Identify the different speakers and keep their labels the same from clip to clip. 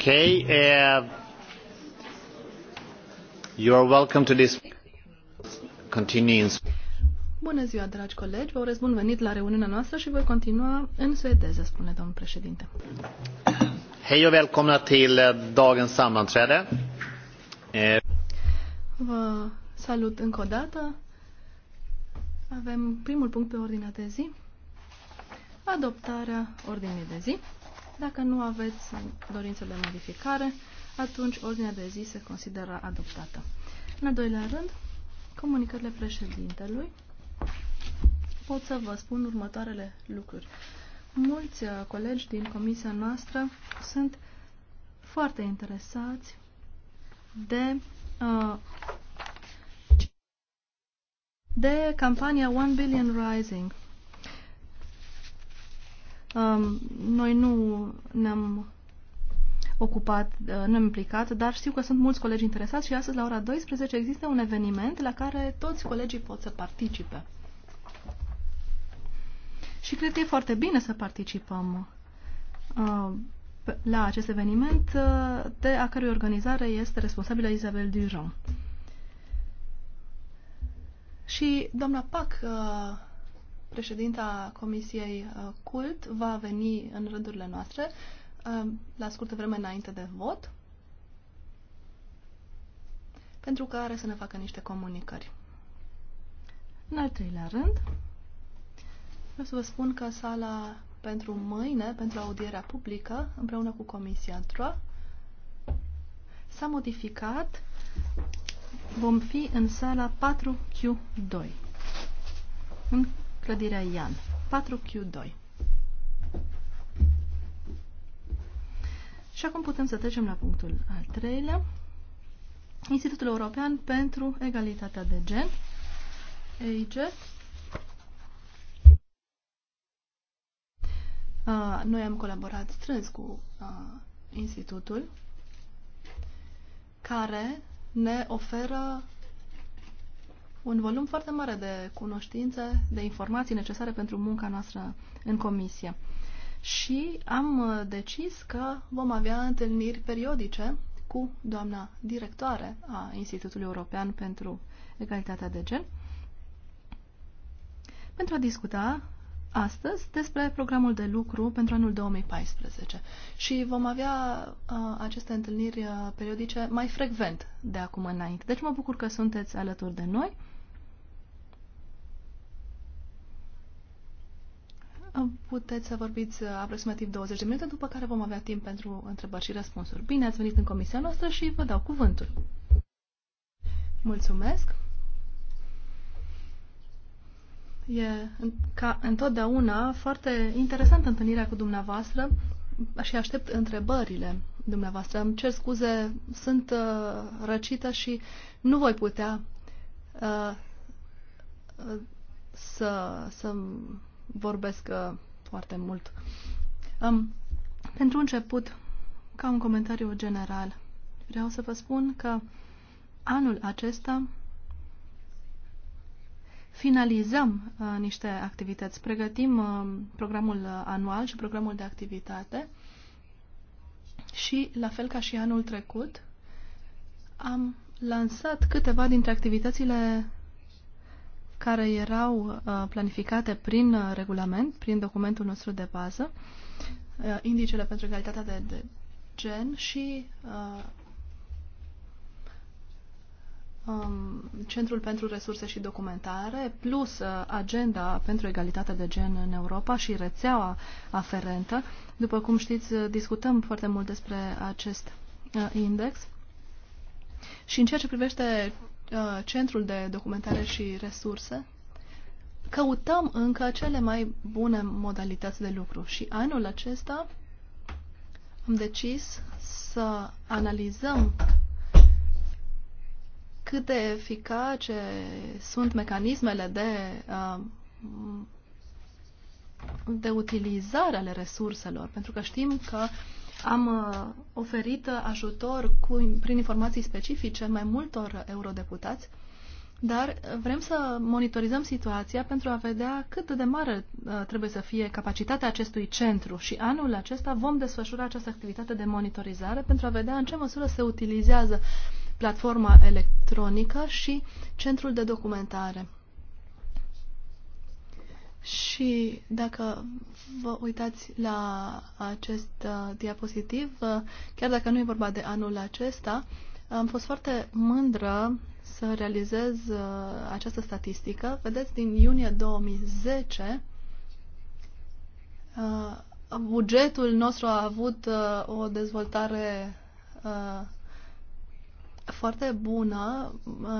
Speaker 1: Okay, uh, you are welcome to this continuing. Bună ziua,
Speaker 2: dragi colegi. Vă urez bun venit la reuniunea noastră și voi continua în suedeză, spune domnul președinte.
Speaker 1: Hej och välkomna till eh, dagens sammanträde. Eh,
Speaker 2: vă salut încă o dată. Avem primul punct pe ordinea de zi. Adoptarea ordinii de zi. Dacă nu aveți dorință de modificare, atunci ordinea de zi se consideră adoptată. În al doilea rând, comunicările președintelui. Pot să vă spun următoarele lucruri. Mulți uh, colegi din comisia noastră sunt foarte interesați de uh, de campania One Billion Rising. Um, noi nu ne-am ocupat, uh, nu am implicat, dar știu că sunt mulți colegi interesați și astăzi la ora 12 există un eveniment la care toți colegii pot să participe. Și cred că e foarte bine să participăm uh, la acest eveniment, uh, de a cărui organizare este responsabilă Isabel Dujon. Și doamna Pac uh, președinta Comisiei uh, CULT va veni în rândurile noastre uh, la scurtă vreme înainte de vot pentru că are să ne facă niște comunicări. În al treilea rând, vreau să vă spun că sala pentru mâine, pentru audierea publică, împreună cu Comisia Troa, s-a modificat. Vom fi în sala 4Q2, în Clădirea Ian. 4Q2. Și acum putem să trecem la punctul al treilea. Institutul European pentru Egalitatea de Gen, EIG. noi am colaborat strâns cu uh, institutul care ne oferă un volum foarte mare de cunoștințe, de informații necesare pentru munca noastră în comisie. Și am uh, decis că vom avea întâlniri periodice cu doamna directoare a Institutului European pentru Egalitatea de Gen pentru a discuta astăzi despre programul de lucru pentru anul 2014 și vom avea uh, aceste întâlniri uh, periodice mai frecvent de acum înainte. Deci mă bucur că sunteți alături de noi Puteți să vorbiți uh, aproximativ 20 de minute, după care vom avea timp pentru întrebări și răspunsuri. Bine ați venit în comisia noastră și vă dau cuvântul. Mulțumesc! E, ca întotdeauna, foarte interesantă întâlnirea cu dumneavoastră și aștept întrebările dumneavoastră. Îmi cer scuze, sunt uh, răcită și nu voi putea uh, uh, să, să vorbesc uh, foarte mult. Um, pentru început, ca un comentariu general, vreau să vă spun că anul acesta finalizăm uh, niște activități. Pregătim uh, programul uh, anual și programul de activitate și, la fel ca și anul trecut, am lansat câteva dintre activitățile care erau uh, planificate prin uh, regulament, prin documentul nostru de bază, uh, indicele pentru egalitatea de, de gen și um, Centrul pentru Resurse și Documentare, plus agenda pentru egalitatea de gen în Europa și rețeaua aferentă. După cum știți, discutăm foarte mult despre acest index. Și în ceea ce privește Uh, Centrul de Documentare și Resurse, căutăm încă cele mai bune modalități de lucru și anul acesta am decis să analizăm cât de eficace sunt mecanismele de, uh, de utilizare ale resurselor, pentru că știm că uh, am uh, oferit uh, ajutor cu, prin informații specifice mai multor eurodeputați, dar uh, vrem să monitorizăm situația pentru a vedea cât de mare trebuie să fie capacitatea acestui centru și anul acesta vom desfășura această activitate de monitorizare pentru a vedea în ce măsură se utilizează platforma electronică și centrul de documentare. Și dacă vă uitați la acest uh, diapozitiv, uh, chiar dacă nu e vorba de anul acesta, am fost foarte mândră să realizez uh, această statistică. Vedeți, din iunie 2010, bugetul nostru a avut o dezvoltare foarte bună,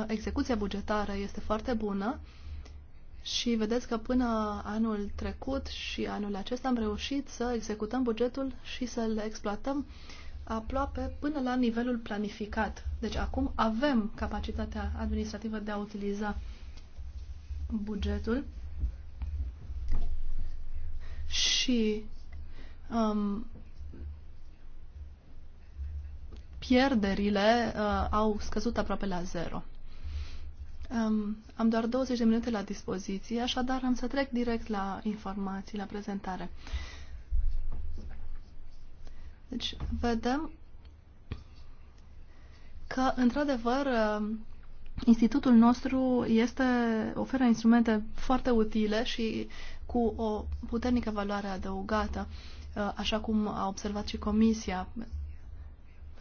Speaker 2: execuția bugetară este foarte bună și vedeți că până anul trecut și anul acesta am reușit să executăm bugetul și să-l exploatăm aproape până la nivelul planificat. Deci acum avem capacitatea administrativă de a utiliza bugetul și um, pierderile uh, au scăzut aproape la zero. Um, am doar 20 de minute la dispoziție, așadar am să trec direct la informații, la prezentare. Deci, vedem că, într-adevăr, uh, institutul nostru este, oferă instrumente foarte utile și cu o puternică valoare adăugată, uh, așa cum a observat și Comisia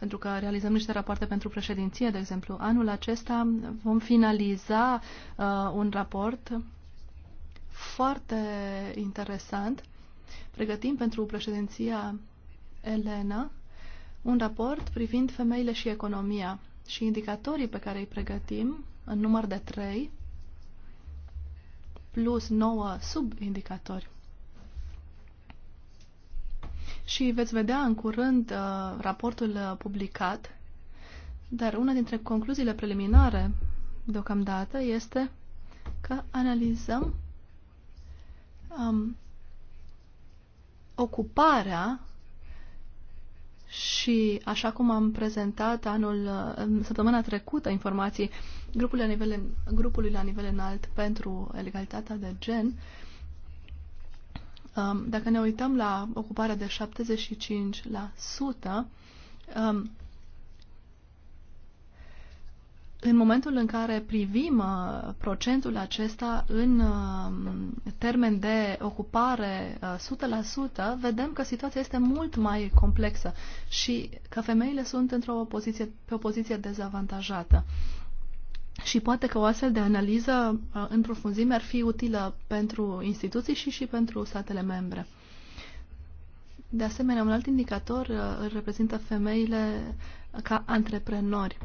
Speaker 2: pentru că realizăm niște rapoarte pentru președinție, de exemplu. Anul acesta vom finaliza uh, un raport foarte interesant. Pregătim pentru președinția Elena un raport privind femeile și economia și indicatorii pe care îi pregătim în număr de trei plus 9 subindicatori și veți vedea în curând uh, raportul uh, publicat, dar una dintre concluziile preliminare deocamdată este că analizăm um, ocuparea și așa cum am prezentat anul, uh, în săptămâna trecută informații grupului la nivel, grupului la nivel înalt pentru egalitatea de gen, uh, Um, dacă ne uităm la ocuparea de 75%, um, în momentul în care privim uh, procentul acesta în um, termen de ocupare 100%, uh, vedem că situația este mult mai complexă și că femeile sunt într-o poziție, pe o poziție dezavantajată. Și poate că o astfel de analiză uh, în profunzime ar fi utilă pentru instituții și și pentru statele membre. De asemenea, un alt indicator uh, îl reprezintă femeile ca antreprenori.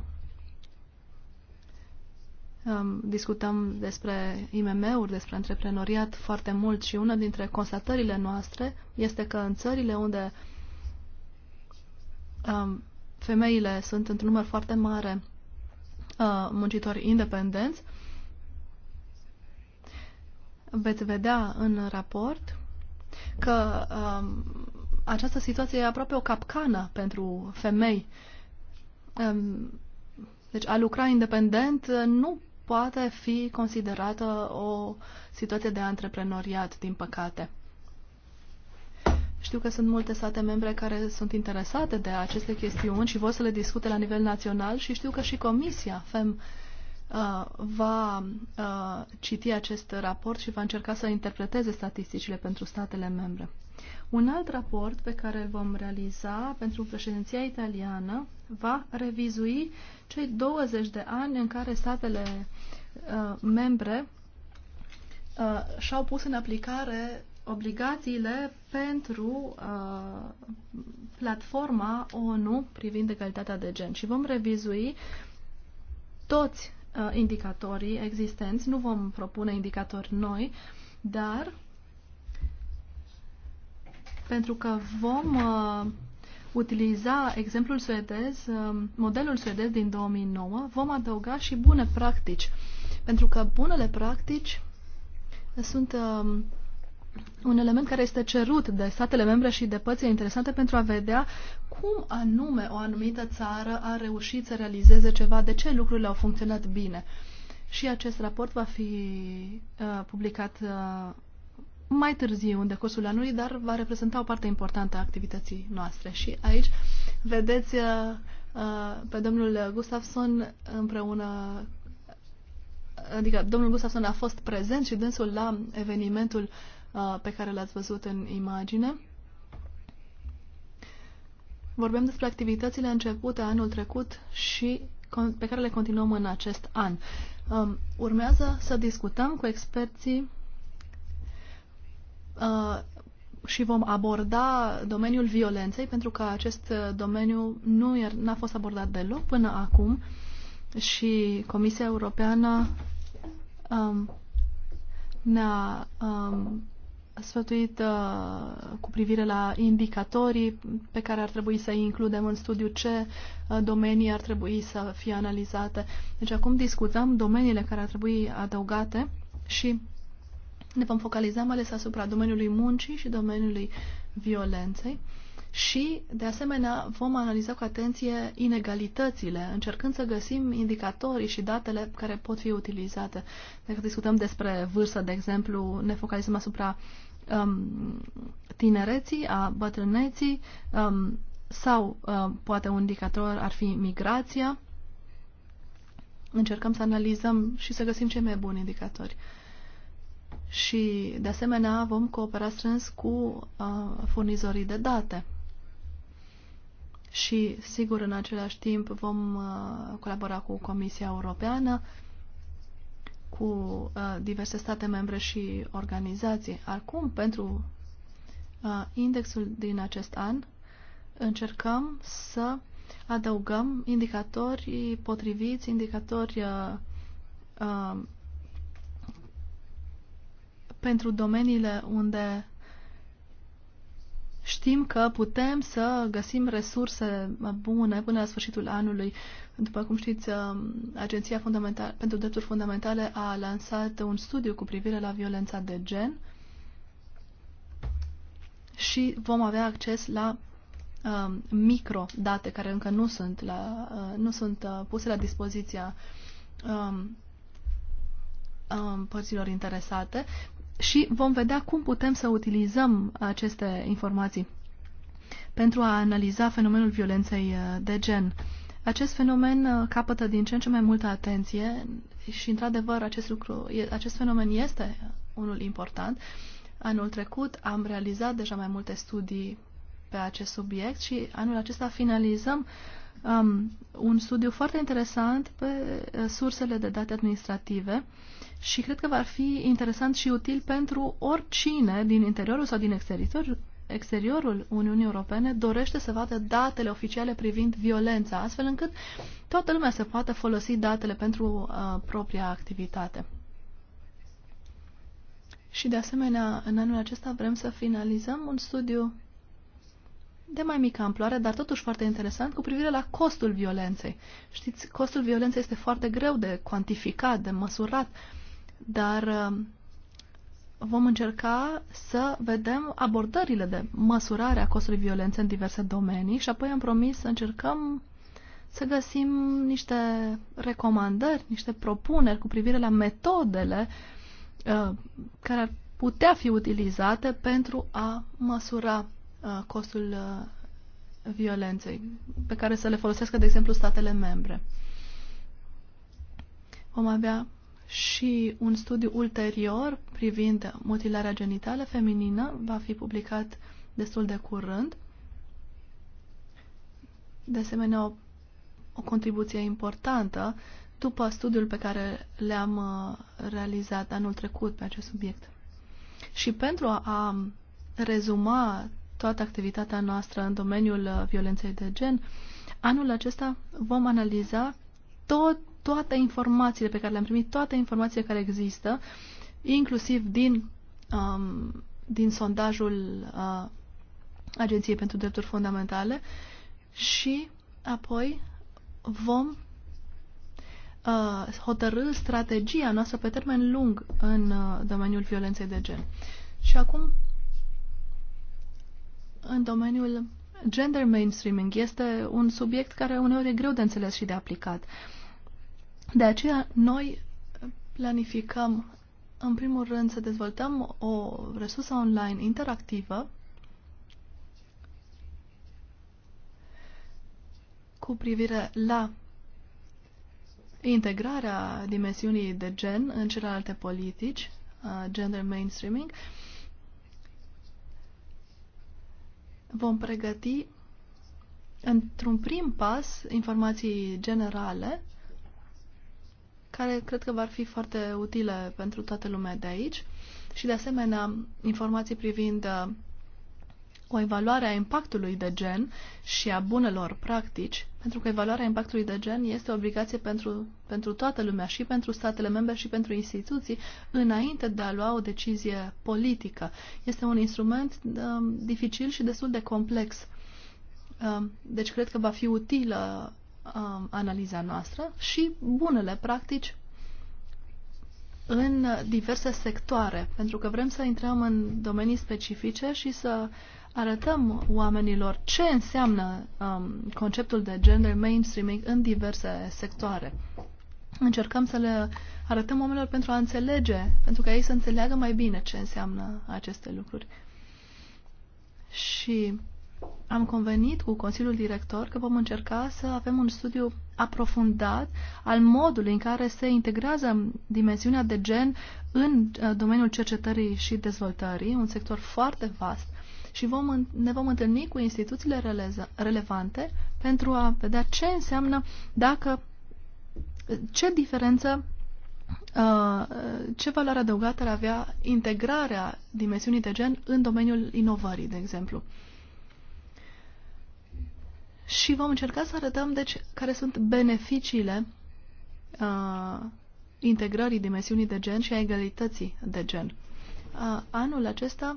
Speaker 2: Um, discutăm despre IMM-uri, despre antreprenoriat foarte mult și una dintre constatările noastre este că în țările unde um, femeile sunt într-un număr foarte mare Uh, muncitori independenți. Veți vedea în raport că um, această situație e aproape o capcană pentru femei. Um, deci a lucra independent nu poate fi considerată o situație de antreprenoriat, din păcate. Știu că sunt multe state membre care sunt interesate de aceste chestiuni și vor să le discute la nivel național și știu că și Comisia FEM uh, va uh, citi acest raport și va încerca să interpreteze statisticile pentru statele membre. Un alt raport pe care îl vom realiza pentru președinția italiană va revizui cei 20 de ani în care statele uh, membre și-au pus în aplicare obligațiile pentru uh, platforma ONU privind egalitatea de gen și vom revizui toți uh, indicatorii existenți, nu vom propune indicatori noi, dar pentru că vom uh, utiliza exemplul suedez, uh, modelul suedez din 2009, vom adăuga și bune practici, pentru că bunele practici sunt uh, un element care este cerut de statele membre și de părțile interesante pentru a vedea cum anume o anumită țară a reușit să realizeze ceva, de ce lucrurile au funcționat bine. Și acest raport va fi uh, publicat uh, mai târziu, în decursul anului, dar va reprezenta o parte importantă a activității noastre. Și aici vedeți uh, uh pe domnul Gustafsson împreună adică domnul Gustafsson a fost prezent și dânsul la evenimentul uh, Uh, pe care l-ați văzut în imagine. Vorbim despre activitățile începute anul trecut și pe care le continuăm în acest an. Um, urmează să discutăm cu experții uh, și vom aborda domeniul violenței, pentru că acest uh, domeniu nu n-a fost abordat deloc până acum și Comisia Europeană um, ne-a um, sfătuit uh, cu privire la indicatorii pe care ar trebui să i includem în studiu, ce uh, domenii ar trebui să fie analizate. Deci acum discutăm domeniile care ar trebui adăugate și ne vom focaliza mai ales asupra domeniului muncii și domeniului violenței. Uh, și, de asemenea, vom analiza cu atenție inegalitățile, încercând să găsim indicatorii și datele care pot fi utilizate. Dacă discutăm despre vârstă, de exemplu, ne focalizăm asupra um, tinereții, a bătrâneții um, sau, um, poate, un indicator ar fi migrația. Încercăm să analizăm și să găsim cei mai buni indicatori și, de asemenea, vom coopera strâns cu uh, furnizorii de date și, sigur, în același timp vom uh, colabora cu Comisia Europeană, cu uh, diverse state membre și organizații. Acum, pentru uh, indexul din acest an, încercăm să adăugăm indicatori potriviți, indicatori pentru domeniile unde știm că putem să găsim resurse bune până la sfârșitul anului. După cum știți, um, Agenția Fundamental, pentru Drepturi Fundamentale a lansat un studiu cu privire la violența de gen și vom avea acces la uh, microdate care încă nu sunt, la, uh, nu sunt uh, puse la dispoziția um, um părților interesate, și vom vedea cum putem să utilizăm aceste informații pentru a analiza fenomenul violenței uh, de gen. Acest fenomen uh, capătă din ce în ce mai multă atenție și, într-adevăr, acest, lucru, acest fenomen este unul important. Anul trecut am realizat deja mai multe studii pe acest subiect și anul acesta finalizăm uh, um, un studiu foarte interesant pe eh, sursele de date administrative și cred că va fi interesant și util pentru oricine din interiorul sau din exterior, exteriorul Uniunii Europene dorește să vadă datele oficiale privind violența, astfel încât toată lumea să poată folosi datele pentru uh, propria activitate. Și de asemenea, în anul acesta vrem să finalizăm un studiu de mai mică amploare, dar totuși foarte interesant, cu privire la costul violenței. Știți, costul violenței este foarte greu de cuantificat, de măsurat, dar um, vom încerca să vedem abordările de măsurare a costului violenței în diverse domenii și apoi am promis să încercăm să găsim niște recomandări, niște propuneri cu privire la metodele uh, care ar putea fi utilizate pentru a măsura costul violenței, pe care să le folosească, de exemplu, statele membre. Vom avea și un studiu ulterior privind mutilarea genitală feminină, va fi publicat destul de curând. De asemenea, o, o contribuție importantă după studiul pe care le-am realizat anul trecut pe acest subiect. Și pentru a rezuma toată activitatea noastră în domeniul uh, violenței de gen, anul acesta vom analiza tot, toate informațiile pe care le-am primit, toate informațiile care există, inclusiv din, um, din sondajul uh, Agenției pentru Drepturi Fundamentale și apoi vom uh, hotărâ strategia noastră pe termen lung în uh, domeniul violenței de gen. Și acum în domeniul gender mainstreaming. Este un subiect care uneori e greu de înțeles și de aplicat. De aceea, noi planificăm, în primul rând, să dezvoltăm o resursă online interactivă cu privire la integrarea dimensiunii de gen în celelalte politici, uh, gender mainstreaming, uh, vom pregăti într-un prim pas informații generale care cred că vor fi foarte utile pentru toată lumea de aici și de asemenea informații privind uh, o evaluare a impactului de gen și a bunelor practici, pentru că evaluarea impactului de gen este o obligație pentru, pentru toată lumea, și pentru statele membre, și pentru instituții, înainte de a lua o decizie politică. Este un instrument um, dificil și destul de complex. Um, deci cred că va fi utilă um, analiza noastră și bunele practici în diverse sectoare, pentru că vrem să intrăm în domenii specifice și să uh, arătăm oamenilor ce înseamnă um, conceptul de gender mainstreaming în diverse sectoare. Încercăm să le arătăm oamenilor pentru a înțelege, pentru ca ei să înțeleagă mai bine ce înseamnă aceste lucruri. Și am convenit cu Consiliul Director că vom încerca să avem un studiu aprofundat al modului în care se integrează dimensiunea de gen în uh, domeniul cercetării și dezvoltării, un sector foarte vast și vom, ne vom întâlni cu instituțiile releza, relevante pentru a vedea ce înseamnă dacă ce diferență uh, ce valoare adăugată ar avea integrarea dimensiunii de gen în domeniul inovării, de exemplu. Și vom încerca să arătăm, deci, care sunt beneficiile uh, integrării dimensiunii de gen și a egalității de gen. Uh, anul acesta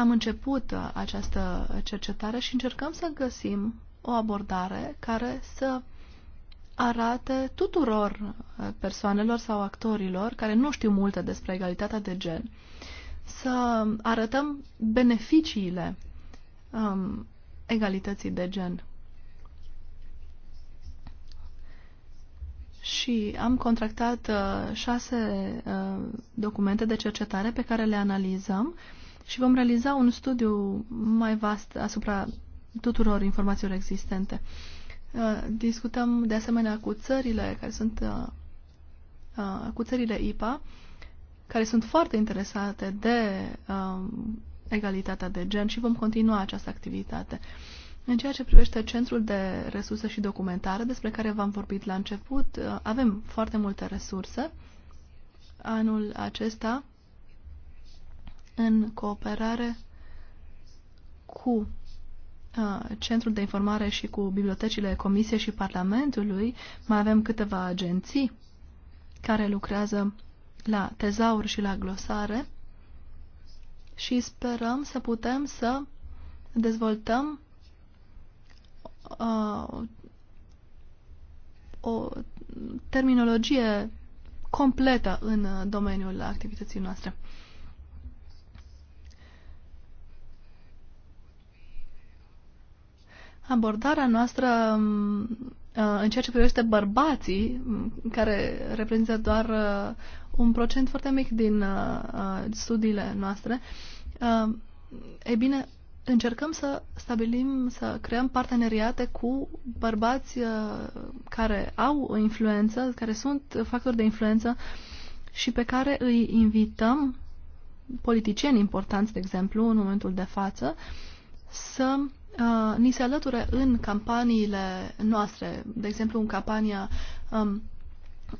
Speaker 2: am început uh, această cercetare și încercăm să găsim o abordare care să arate tuturor uh, persoanelor sau actorilor care nu știu multe despre egalitatea de gen, să arătăm beneficiile um, egalității de gen. Și am contractat uh, șase uh, documente de cercetare pe care le analizăm uh, și vom realiza un studiu mai vast asupra tuturor informațiilor existente. Uh, discutăm de asemenea cu țările care sunt uh, uh, cu țările IPA, care sunt foarte interesate de um, egalitatea de gen și vom continua această activitate. În ceea ce privește Centrul de Resurse și Documentare, despre care v-am vorbit la început, avem foarte multe resurse. Anul acesta în cooperare cu uh, Centrul de Informare și cu bibliotecile Comisiei și Parlamentului, mai avem câteva agenții care lucrează la tezaur și la glosare și sperăm să putem să dezvoltăm uh, o terminologie completă în uh, domeniul activității noastre. abordarea noastră mm, uh, în ceea ce privește bărbații, mm, care reprezintă doar uh, un procent foarte mic din uh, studiile noastre, e bine, încercăm să stabilim, să creăm parteneriate cu bărbați care au o influență, care sunt factori de influență și pe care îi invităm politicieni importanți, de exemplu, în momentul de față, să uh, ni se alăture în campaniile noastre, de exemplu în campania um,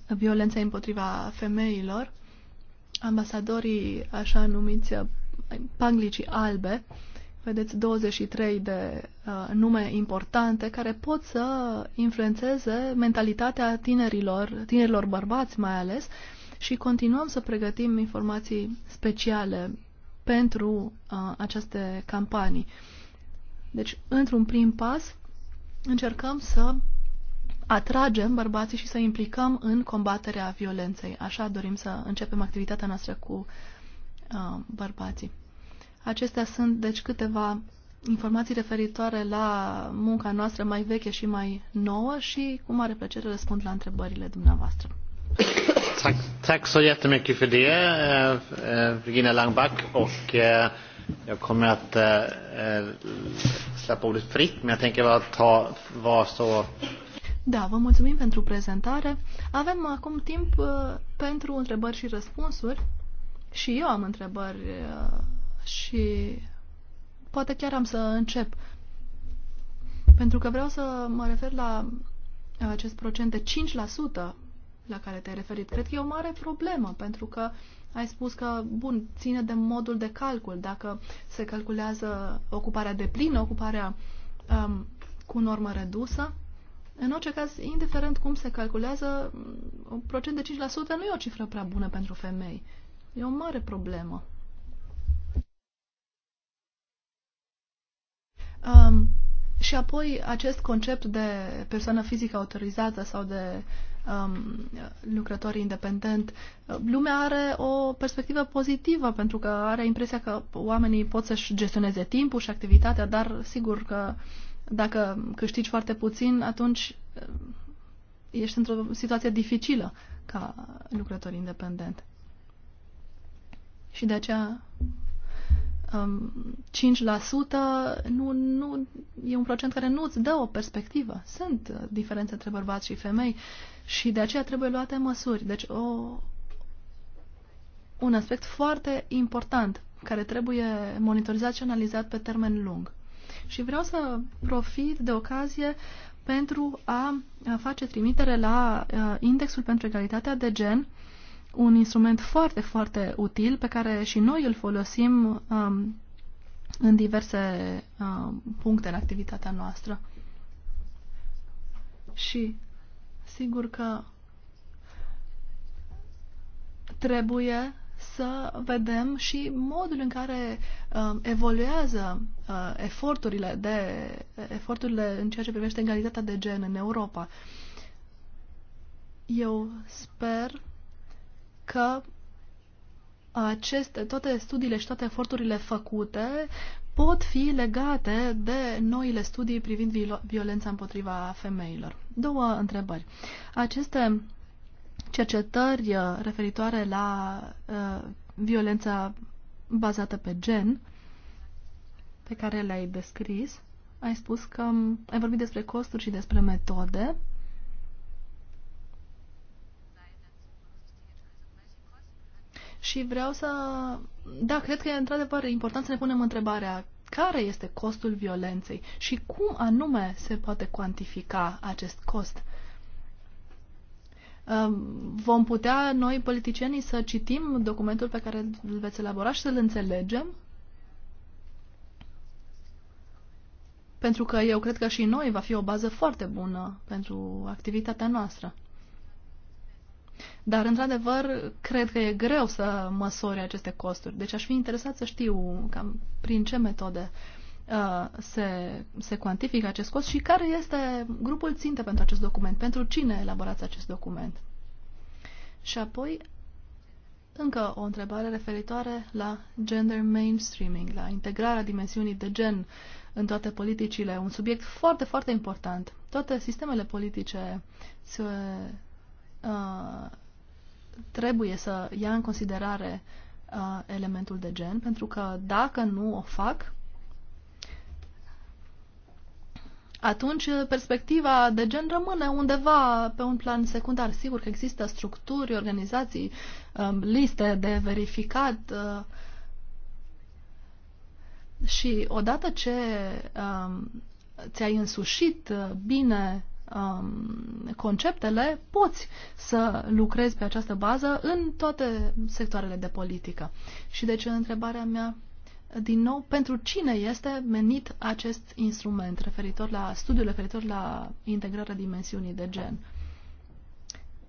Speaker 2: violenței împotriva femeilor, ambasadorii așa numiți uh, panglicii albe, vedeți 23 de uh, nume importante care pot să influențeze mentalitatea tinerilor, tinerilor bărbați mai ales, și continuăm să pregătim informații speciale pentru uh, aceste campanii. Uh, deci, într-un prim pas, încercăm să atragem bărbații și să implicăm în combaterea violenței. Așa dorim să începem activitatea noastră cu uh, bărbații. Acestea sunt, deci, câteva informații referitoare la munca noastră mai veche și mai nouă și cu mare plăcere răspund la întrebările dumneavoastră.
Speaker 1: Tack, tack så jättemycket för det, eh, eh, Regina Langback. Och, eh, Jag kommer att eh, eh, släppa ordet fritt, men jag tänker bara ta var så...
Speaker 2: Da, vă mulțumim pentru prezentare. Avem acum timp uh, pentru întrebări și răspunsuri. Și eu am întrebări uh, și poate chiar am să încep. Pentru că vreau să mă refer la acest procent de 5% la care te-ai referit. Cred că e o mare problemă, pentru că uh, ai spus că, bun, ține de modul de calcul, dacă se calculează ocuparea de plin, ocuparea um, cu normă redusă. În orice caz, indiferent cum se calculează, mm, un procent de 5% nu e o cifră prea bună pentru femei. E o mare problemă. Um, și apoi acest concept de persoană fizică autorizată sau de um, lucrător independent. Lumea are o perspectivă pozitivă pentru că are impresia că oamenii pot să-și gestioneze timpul și activitatea, dar sigur că dacă câștigi foarte puțin, atunci uh, ești într-o situație dificilă ca lucrător independent. Și de aceea 5% um, nu, nu, e un procent care nu îți dă o perspectivă. Sunt uh, diferențe între bărbați și femei și de aceea trebuie luate măsuri. Deci o, un aspect foarte important care trebuie monitorizat și analizat pe termen lung. Și vreau să profit de ocazie pentru a face trimitere la uh, indexul pentru egalitatea de gen un instrument foarte, foarte util pe care și noi îl folosim um, în diverse um, puncte în activitatea noastră. Și sigur că trebuie să vedem și modul în care uh, evoluează uh, eforturile, de, eforturile în ceea ce privește egalitatea de gen în Europa. Eu sper că aceste, toate studiile și toate eforturile făcute pot fi legate de noile studii privind violența împotriva femeilor. Două întrebări. Aceste cercetări uh, referitoare la uh, violența bazată pe gen, pe care le-ai descris, ai spus că mm, ai vorbit despre costuri și despre metode. Și vreau să... Da, cred că e într-adevăr important să ne punem întrebarea care este costul violenței și cum anume se poate cuantifica acest cost. Vom putea noi, politicienii, să citim documentul pe care îl veți elabora și să-l înțelegem? Pentru că eu cred că și noi va fi o bază foarte bună pentru activitatea noastră. Dar, într-adevăr, cred că e greu să măsori aceste costuri. Deci aș fi interesat să știu cam prin ce metode uh, se, se cuantifică acest cost și care este grupul ținte pentru acest document, pentru cine elaborați acest document. Și apoi, încă o întrebare referitoare la gender mainstreaming, la integrarea dimensiunii de gen în toate politicile. Un subiect foarte, foarte important. Toate sistemele politice se uh, trebuie să ia în considerare uh, elementul de gen, pentru că dacă nu o fac, atunci perspectiva de gen rămâne undeva pe un plan secundar. Sigur că există structuri, organizații, um, liste de verificat uh, și odată ce um, ți-ai însușit uh, bine um, conceptele, poți să lucrezi pe această bază în toate sectoarele de politică. Și deci întrebarea mea din nou, pentru cine este menit acest instrument referitor la studiul referitor la integrarea dimensiunii de gen?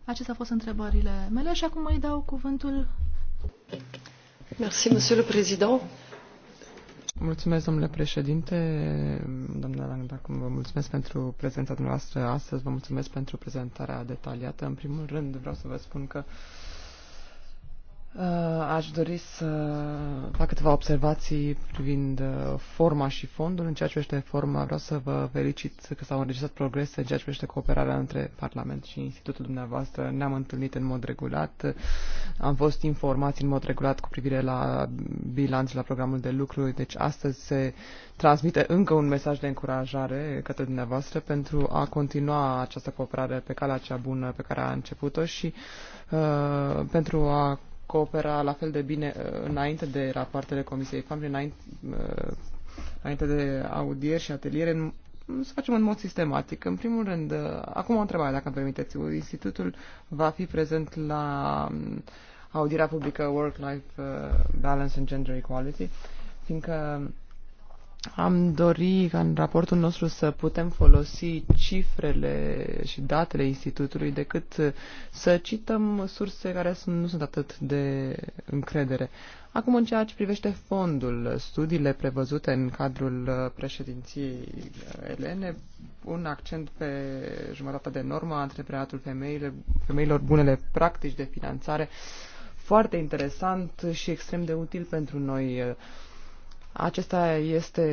Speaker 2: Acestea au fost întrebările mele și acum îi dau cuvântul. Merci, monsieur le président.
Speaker 3: Mulțumesc, domnule președinte, domnule Langdacum, vă mulțumesc pentru prezența dumneavoastră astăzi, vă mulțumesc pentru prezentarea detaliată. În primul rând vreau să vă spun că uh, Uh, aș dori să fac câteva observații privind uh, forma și fondul. În ceea ce privește forma, vreau să vă felicit că s-au înregistrat progrese în ceea ce privește cooperarea între Parlament și Institutul dumneavoastră. Ne-am întâlnit în mod regulat, am fost informați în mod regulat cu privire la bilanț, la programul de lucru, deci astăzi se transmite încă un mesaj de încurajare către dumneavoastră pentru a continua această cooperare pe calea cea bună pe care a început-o și uh, pentru a coopera la fel de bine uh, înainte de rapoartele Comisiei FAM, înainte, uh, înainte de audieri și ateliere, să facem în mod sistematic. În primul rând, uh, acum o întrebare, dacă îmi permiteți. Institutul va fi prezent la um, audierea publică Work-Life Balance and Gender Equality, fiindcă am dori ca în raportul nostru să putem folosi cifrele și datele institutului decât să cităm surse care nu sunt atât de încredere. Acum, în ceea ce privește fondul, studiile prevăzute în cadrul președinției elene pun accent pe jumătatea de normă, antreprenatul femeile, femeilor, bunele practici de finanțare, foarte interesant și extrem de util pentru noi acesta este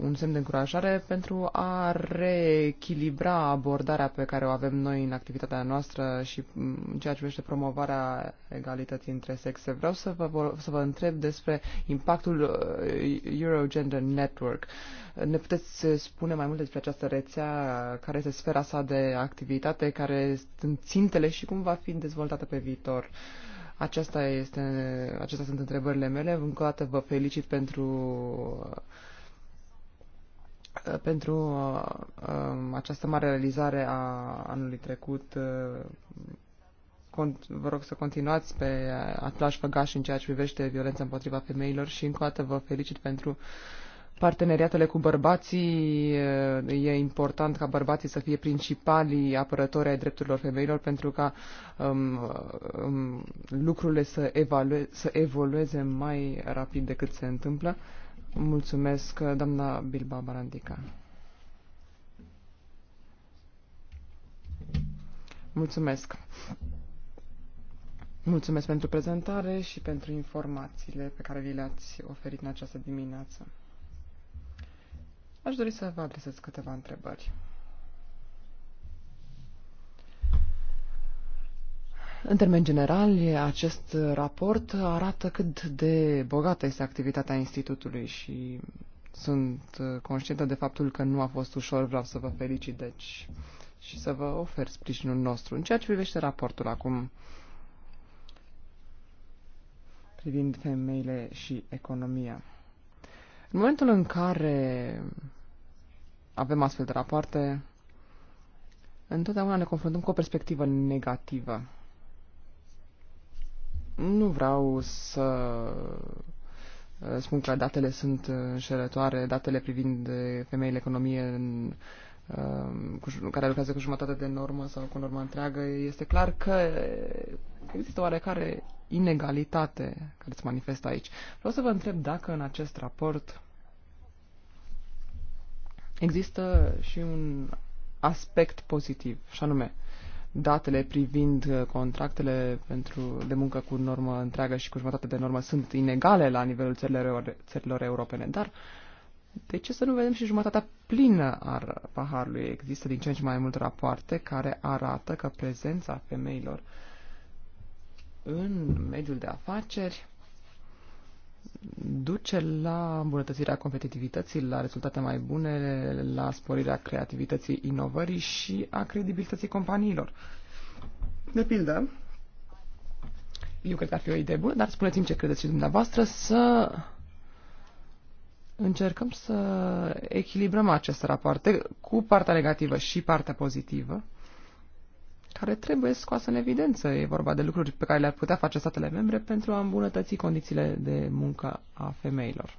Speaker 3: un semn de încurajare pentru a reechilibra abordarea pe care o avem noi în activitatea noastră și în ceea ce privește promovarea egalității între sexe. Vreau să vă, să vă întreb despre impactul uh, Eurogender Network. Ne puteți spune mai multe despre această rețea, care este sfera sa de activitate, care sunt țintele și cum va fi dezvoltată pe viitor? Uh, aceasta este, acestea sunt întrebările mele. Încă o dată vă felicit pentru pentru um, această mare realizare a anului trecut. vă rog să continuați pe același făgaș în ceea ce privește violența împotriva femeilor și încă o dată vă felicit pentru uh, parteneriatele cu bărbații, eh, e important ca bărbații să fie principalii apărători ai drepturilor femeilor pentru ca um, um, lucrurile să, evalue, să evolueze mai rapid decât se întâmplă. Mulțumesc, doamna Bilba Barandica. Mulțumesc. Mulțumesc pentru prezentare și pentru informațiile pe care vi le-ați oferit în această dimineață. Aș dori să vă adresez câteva întrebări. În termeni generali, acest raport arată cât de bogată este activitatea Institutului și sunt conștientă de faptul că nu a fost ușor, vreau să vă felicit, deci, și să vă ofer sprijinul nostru. În ceea ce privește raportul acum, privind femeile și economia. În momentul în care avem astfel de rapoarte, întotdeauna ne confruntăm cu o perspectivă negativă. Nu vreau să uh, spun că datele sunt înșelătoare, datele privind femeile economie în, uh, cu, care lucrează cu jumătate de normă sau cu normă întreagă, este clar că există oarecare inegalitate care se manifestă aici. Vreau să vă întreb dacă în acest raport există și un aspect pozitiv, și anume datele privind contractele pentru de muncă cu normă întreagă și cu jumătate de normă sunt inegale la nivelul țărilor, țărilor europene, dar de ce să nu vedem și jumătatea plină a paharului? Există din ce în ce mai multe rapoarte care arată că prezența femeilor uh, în mediul de afaceri duce la îmbunătățirea competitivității, la rezultate mai bune, la sporirea creativității, inovării și a credibilității companiilor. De pildă, eu cred că ar fi o idee bună, dar spuneți-mi ce credeți și dumneavoastră, să încercăm să echilibrăm aceste rapoarte cu partea negativă și partea pozitivă care trebuie scoasă în evidență. E vorba de lucruri pe care le-ar putea face statele membre pentru a îmbunătăți condițiile de muncă a femeilor.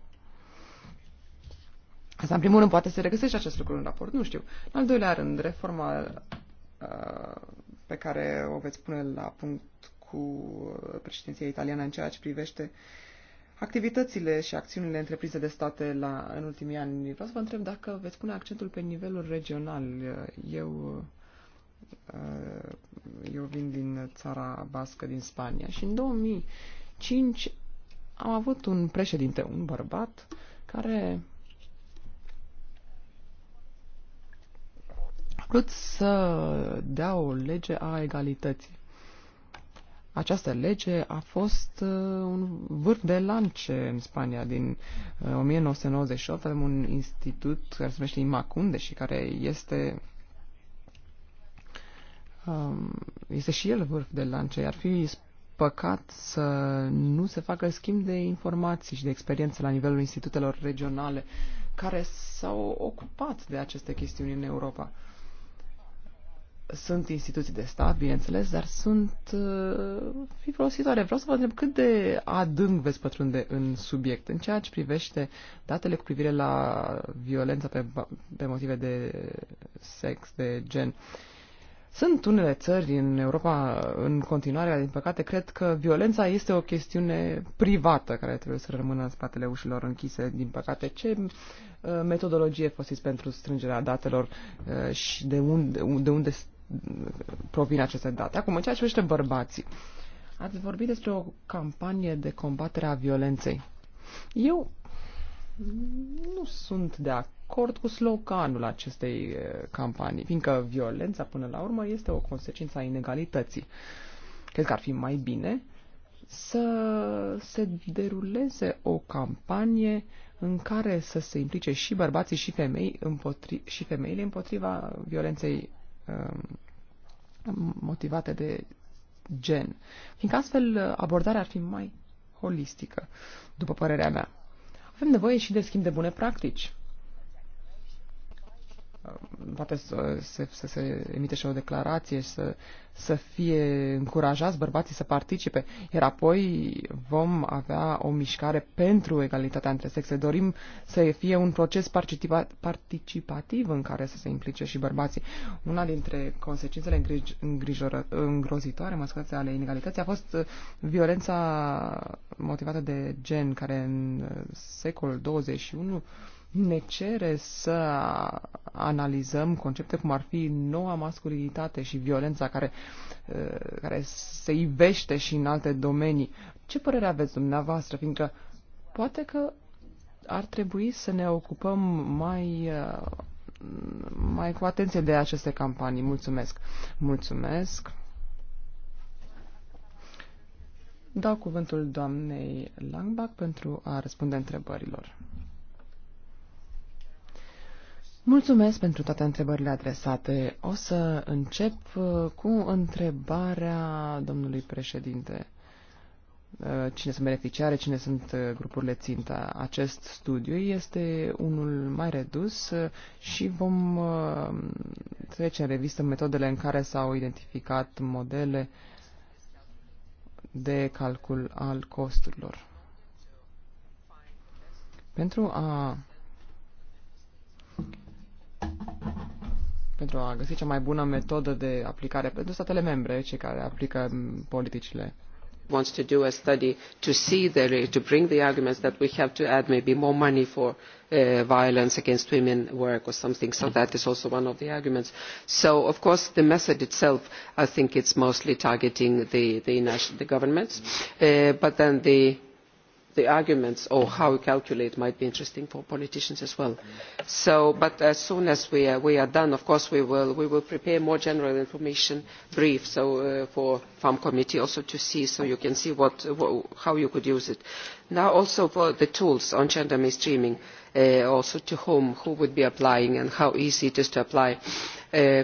Speaker 3: Asta, în primul rând, poate se regăsește acest lucru în raport, nu știu. În al doilea rând, reforma uh, pe care o veți pune la punct cu uh, președinția italiană în ceea ce privește activitățile și acțiunile întreprinse de state la, în ultimii ani. Vreau să vă întreb dacă veți pune accentul pe nivelul regional. Eu uh, Uh, eu vin din țara bască, din Spania, și în 2005 am avut un președinte, un bărbat, care a vrut să dea o lege a egalității. Această lege a fost uh, un vârf de lance în Spania. Din uh, 1998 avem un institut care se numește Imacunde și care este Um, este și el vârf de lance. Ar fi păcat să nu se facă schimb de informații și de experiențe la nivelul institutelor regionale care
Speaker 4: s-au ocupat
Speaker 3: de aceste chestiuni în Europa. Sunt instituții de stat, bineînțeles, dar sunt uh, fi folositoare. Vreau să vă întreb cât de adânc veți pătrunde în subiect, în ceea ce privește datele cu privire la violența pe, pe motive de sex, de gen. Uh, sunt unele țări în Europa, în continuare, din păcate, cred că violența este o chestiune privată care trebuie să rămână în spatele ușilor închise. Din păcate, ce uh, metodologie folosiți pentru strângerea datelor uh, și de unde, de unde provin aceste date? Acum, în ceea ce privește bărbații, ați vorbit despre o campanie de combatere a violenței. Eu nu sunt de acord acord cu sloganul acestei eh, campanii, fiindcă violența până la urmă este o consecință a inegalității. Cred că ar fi mai bine să se deruleze o campanie în care să se implice și bărbații și, femei împotri- și femeile împotriva violenței um, motivate de gen. Fiindcă astfel abordarea ar fi mai holistică, după părerea mea. Avem nevoie și de schimb de bune practici poate să, să, să se emite și o declarație, să, să fie încurajați bărbații să participe, iar apoi vom avea o mișcare pentru egalitatea între sexe. Dorim să fie un proces participativ în care să se implice și bărbații. Una dintre consecințele îngrijoră, îngrozitoare mă scuze, ale inegalității a fost uh, violența motivată de gen, care în uh, secolul 21 ne cere să analizăm concepte cum ar fi noua masculinitate și violența care, uh, care se ivește și în alte domenii. Ce părere aveți dumneavoastră? Fiindcă poate că ar trebui să ne ocupăm mai, uh, mai cu atenție de aceste campanii. Mulțumesc! Mulțumesc! Dau cuvântul doamnei Langbach pentru a răspunde întrebărilor. Mulțumesc pentru toate întrebările adresate. O să încep uh, cu întrebarea domnului președinte. Uh, cine sunt beneficiare, cine sunt uh, grupurile țintă. Acest studiu este unul mai redus și vom trece în revistă metodele în care s-au identificat modele de calcul al costurilor. Pentru a pentru a găsi cea mai bună metodă de aplicare pentru statele membre, cei care aplică politicile
Speaker 4: wants to do a study to see the, to bring the arguments that we have to add maybe more money for uh, violence against women work or something so that is also one of the arguments so of course the method itself i think it's mostly targeting the, the, the governments uh, but then the the arguments or how we calculate might be interesting for politicians as well. So, but as soon as we are, done, of course, we will, prepare more general information brief so, the uh, for Farm Committee also to see, so you can see what, how you could use it. Now also for the tools on gender mainstreaming, uh, also to whom, who would be applying and how easy it is to apply. Uh,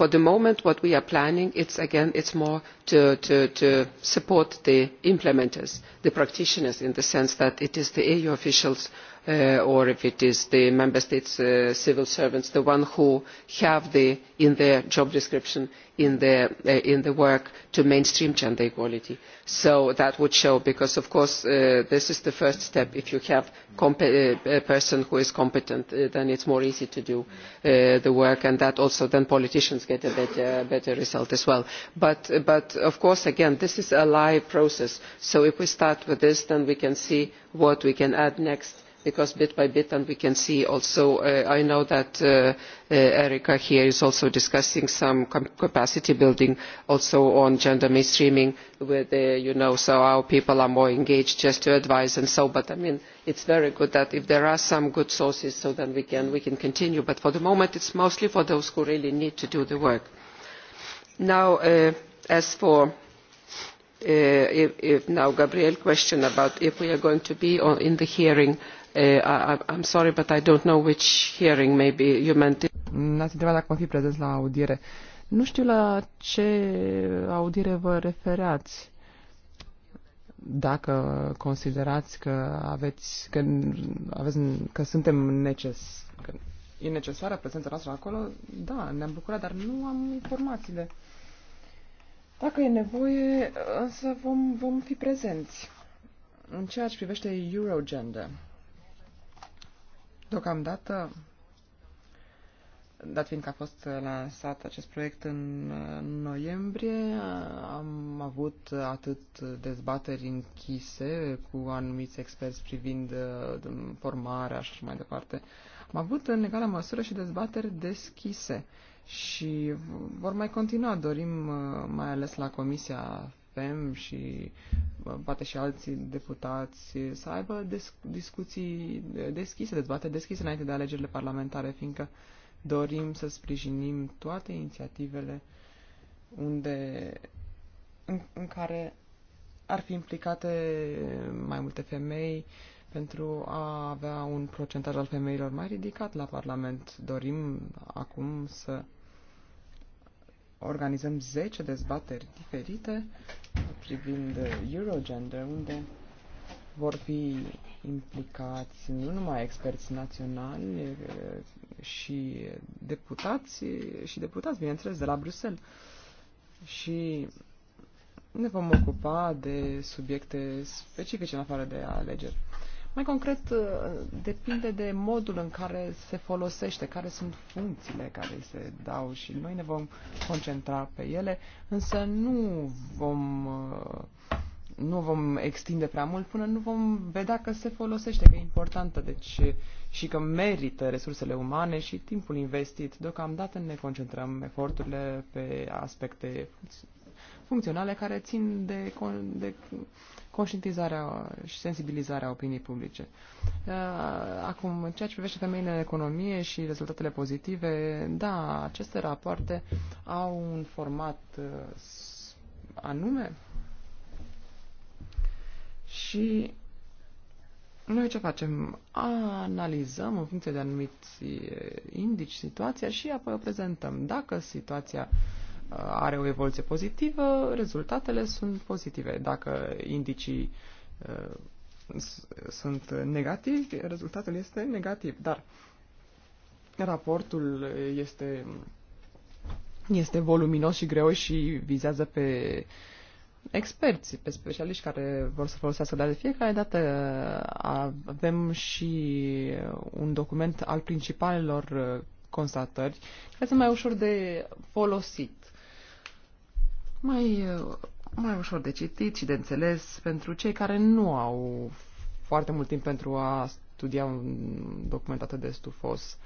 Speaker 4: for the moment what we are planning is again it's more to, to support the implementers the practitioners in the sense that it is the eu officials Uh, or if it is the member states' uh, civil servants the ones who have the, in their job description in their, uh, in the work to mainstream gender equality. so that would show because of course this is the first step if you have a person who is competent then it is more easy to do the work and that also then politicians get a better, better result as well. But, but of course again this is a live process so if we start with this then we can see what we can add next because bit by bit and we can see also uh, i know that uh, uh, erika here is also discussing some capacity building also on gender mainstreaming where you know so our people are more engaged just to advise and so but i mean it is very good that if there are some good sources so then we can we can continue but for the moment it is mostly for those who really need to do the work now as for Uh, if, if now Gabriel, question about if we are going to be on, in the hearing Eh, ați întrebat dacă fi prezent la audiere. Nu știu la ce
Speaker 3: audiere vă referați. Dacă considerați că aveți, că, aveți, că suntem neces, că e necesară prezența noastră acolo, da, ne-am bucurat, dar nu am informațiile. Dacă e nevoie, însă vom, vom fi prezenți. În ceea ce privește Eurogender, Deocamdată, dat fiindcă a fost lansat acest proiect în noiembrie, am avut atât dezbateri închise cu anumiți experți privind uh, formarea și așa mai departe. Am avut în egală măsură și dezbateri deschise și vor mai continua, dorim uh, mai ales la Comisia FEM și poate și alții deputați să aibă dis- discuții deschise, dezbate deschise înainte de alegerile parlamentare, fiindcă dorim să sprijinim toate inițiativele unde, în, în care ar fi implicate mai multe femei pentru a avea un procentaj al femeilor mai ridicat la Parlament. Dorim acum să organizăm 10 dezbateri diferite privind Eurogender, unde vor fi implicați nu numai experți naționali eh, și deputați, și deputați, bineînțeles, de la Bruxelles. Și ne vom ocupa de subiecte specifice în afară de alegeri. Mai concret, uh, depinde de modul în care se folosește, care sunt funcțiile care se dau și noi ne vom concentra pe ele, însă nu vom, uh, nu vom extinde prea mult până nu vom vedea că se folosește, că e importantă deci, și că merită resursele umane și timpul investit. Deocamdată ne concentrăm eforturile pe aspecte funcționale care țin de, con- de conștientizarea și sensibilizarea opiniei publice. Uh, acum, în ceea ce privește femeile în economie și rezultatele pozitive, da, aceste rapoarte au un format uh, anume și noi ce facem? Analizăm în funcție de anumiți uh, indici situația și apoi o prezentăm. Dacă situația uh, Uh, are o evoluție pozitivă, rezultatele sunt pozitive. Dacă indicii uh, sunt negativi, rezultatul este negativ. Dar raportul este, este voluminos și greu și vizează pe experți, pe specialiști care vor să folosească, dar de fiecare dată uh, avem și un document al principalelor constatări care sunt mai ușor de folosit mai, uh, mai ușor de citit și de înțeles pentru cei care nu au foarte mult timp pentru a studia un document atât de stufos.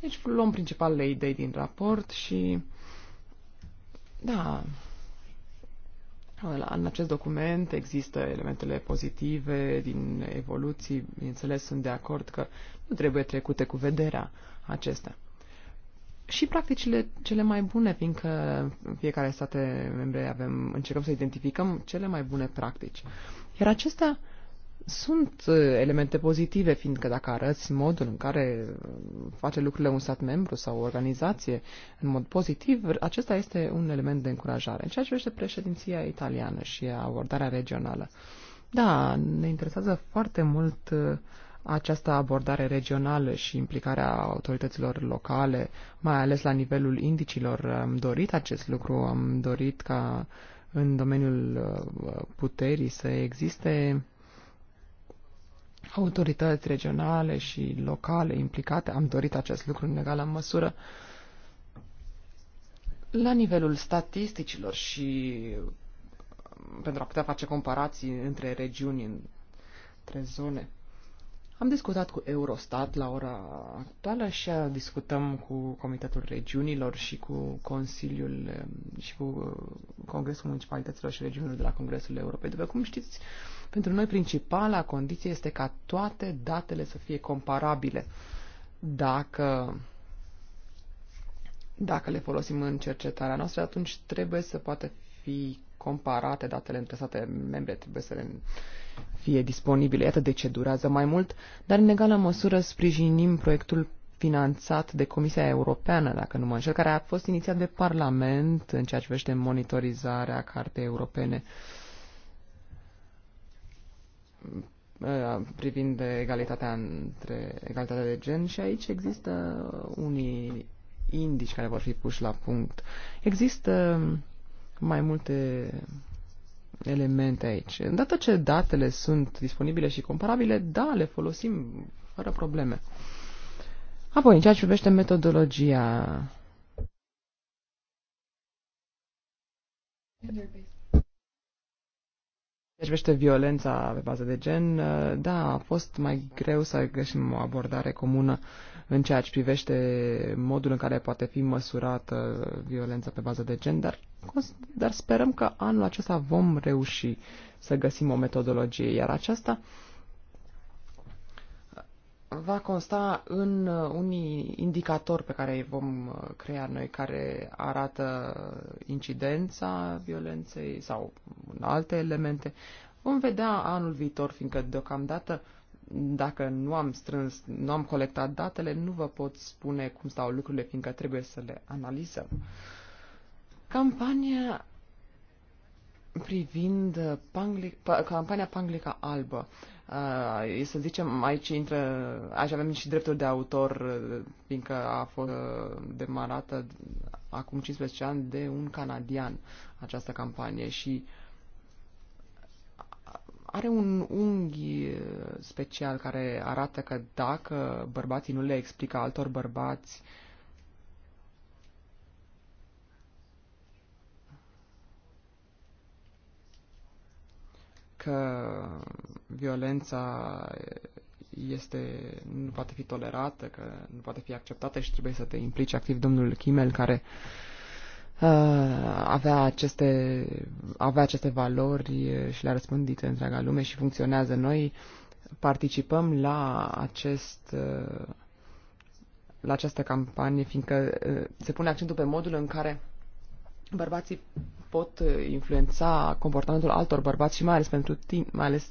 Speaker 3: Deci luăm principalele idei din raport și da, în acest document există elementele pozitive din evoluții. Bineînțeles, sunt de acord că nu trebuie trecute cu vederea acestea și practicile cele mai bune, fiindcă fiecare state membre avem, încercăm să identificăm cele mai bune practici. Iar acestea sunt uh, elemente pozitive, fiindcă dacă arăți modul în care uh, face lucrurile un stat membru sau o organizație în mod pozitiv, acesta este un element de încurajare. În ceea ce privește președinția italiană și abordarea regională. Da, ne interesează foarte mult uh, această abordare regională și implicarea autorităților locale, mai ales la nivelul indicilor, am dorit acest lucru, am dorit ca în domeniul uh, puterii să existe autorități regionale și locale implicate. Am dorit acest lucru în egală măsură. La nivelul statisticilor și uh, pentru a putea face comparații între regiuni, între zone. Am discutat cu Eurostat la ora actuală și discutăm cu Comitetul Regiunilor și cu Consiliul și cu Congresul Municipalităților și Regiunilor de la Congresul Europei. După cum știți, pentru noi principala condiție este ca toate datele să fie comparabile. Dacă dacă le folosim în cercetarea noastră, atunci trebuie să poată fi comparate datele între state membre, trebuie să le fie disponibile. Iată de ce durează mai mult, dar în egală măsură sprijinim proiectul finanțat de Comisia Europeană, dacă nu mă înșel, care a fost inițiat de Parlament în ceea ce privește monitorizarea Cartei Europene uh, privind egalitatea între egalitatea de gen și aici există unii indici care vor fi puși la punct. Există mai multe elemente aici. Îndată ce datele sunt disponibile și comparabile, da, le folosim fără probleme. Apoi, în ceea ce privește metodologia... Deci, vește violența pe bază de gen, da, a fost mai greu să găsim o abordare comună în ceea ce privește modul în care poate fi măsurată violența pe bază de gen, dar, dar sperăm că anul acesta vom reuși să găsim o metodologie, iar aceasta va consta în uh, unii indicatori pe care îi vom uh, crea noi, care arată incidența violenței sau în alte elemente. Vom vedea anul viitor, fiindcă deocamdată uh, dacă nu am strâns, nu am colectat datele, nu vă pot spune cum stau lucrurile, fiindcă trebuie să le analizăm. Campania privind uh, panglic, campania Panglica Albă. Uh, să zicem, aici intră, aici avem și dreptul de autor, uh, fiindcă a fost uh, demarată acum 15 ani de un canadian această campanie și uh, are un unghi uh, special care arată că dacă bărbații nu le explică altor bărbați că violența este, nu poate fi tolerată, că nu poate fi acceptată și trebuie să te implici activ domnul Kimel care uh, Uh, avea aceste, avea aceste valori uh, și le-a răspândit întreaga lume și funcționează. Noi participăm la acest uh, la această campanie, fiindcă se pune accentul pe modul în care bărbații pot influența comportamentul altor bărbați și mai ales pentru tine, mai ales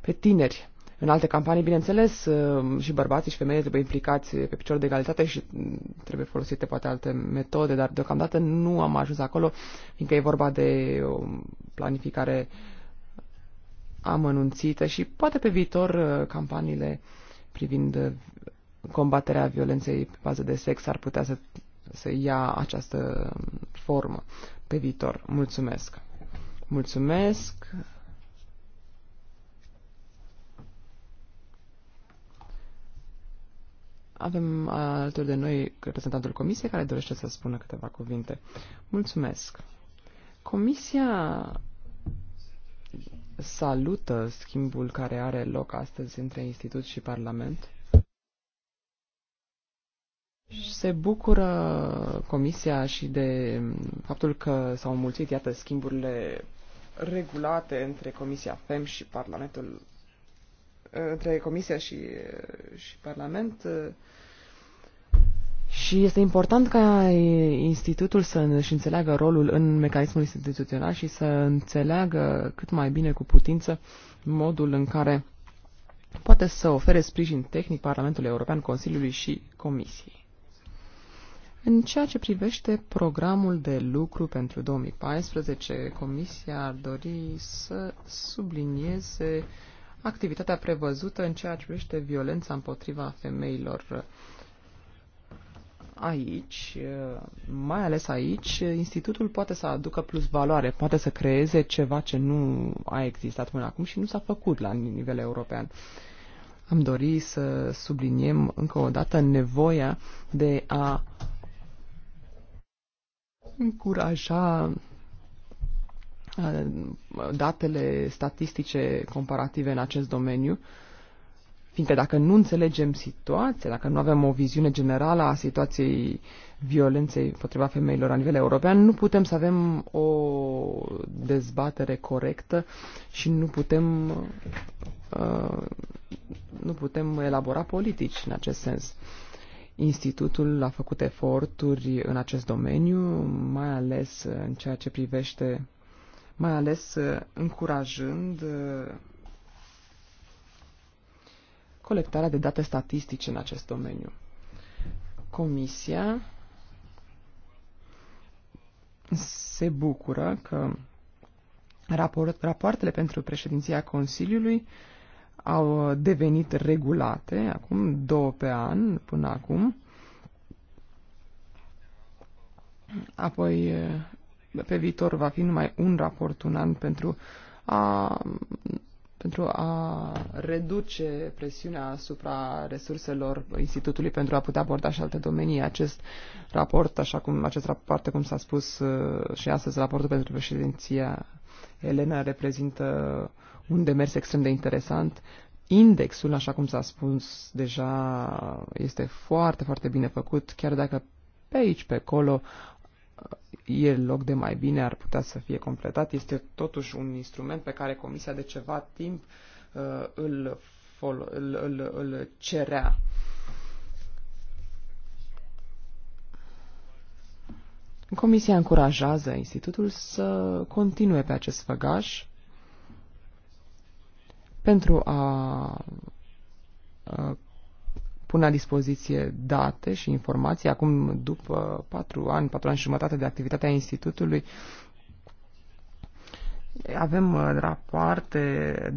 Speaker 3: pe tineri. În alte campanii, bineînțeles, uh, și bărbații și femeile trebuie implicați pe picior de egalitate și trebuie folosite poate alte metode, dar deocamdată nu am ajuns acolo, fiindcă e vorba de o planificare amănunțită și poate pe viitor uh, campaniile privind combaterea violenței pe bază de sex ar putea să, să ia această formă pe viitor. Mulțumesc! Mulțumesc! Avem uh, alături de noi reprezentantul Comisiei care dorește să spună câteva cuvinte. Mulțumesc! Comisia salută schimbul care are loc astăzi între Institut și Parlament se bucură Comisia și de faptul că s-au mulțit, iată, schimburile regulate între Comisia FEM și Parlamentul între Comisia și, și Parlament. Și este important ca institutul să își înțeleagă rolul în mecanismul instituțional și să înțeleagă cât mai bine cu putință modul în care poate să ofere sprijin tehnic Parlamentului European, Consiliului și Comisiei. În ceea ce privește programul de lucru pentru 2014, Comisia ar dori să sublinieze activitatea prevăzută în ceea ce privește violența împotriva femeilor. Aici, mai ales aici, institutul poate să aducă plus valoare, poate să creeze ceva ce nu a existat până acum și nu s-a făcut la nivel european am dori să subliniem încă o dată nevoia de a încuraja Uh, datele statistice comparative în acest domeniu, fiindcă dacă nu înțelegem situația, dacă nu avem o viziune generală a situației violenței împotriva femeilor la nivel european, nu putem să avem o dezbatere corectă și nu putem, uh, nu putem elabora politici în acest sens. Institutul a făcut eforturi în acest domeniu, mai ales în ceea ce privește mai ales uh, încurajând uh, colectarea de date statistice în acest domeniu. Comisia se bucură că rapoartele pentru președinția Consiliului au devenit regulate, acum două pe an până acum. Apoi pe viitor va fi numai un raport un an pentru a, pentru a reduce presiunea asupra resurselor Institutului pentru a putea aborda și alte domenii. Acest raport, așa cum acest raport, cum s-a spus uh, și astăzi, raportul pentru președinția Elena reprezintă un demers extrem de interesant. Indexul, așa cum s-a spus deja, este foarte, foarte bine făcut, chiar dacă pe aici, pe acolo, e loc de mai bine, ar putea să fie completat. Este totuși un instrument pe care Comisia de ceva timp uh, îl, fol- îl, îl, îl cerea. Comisia încurajează Institutul să continue pe acest făgaș pentru a, a uh, pun la dispoziție date și informații. Acum, după patru ani, patru ani și jumătate de activitatea institutului, avem uh, rapoarte,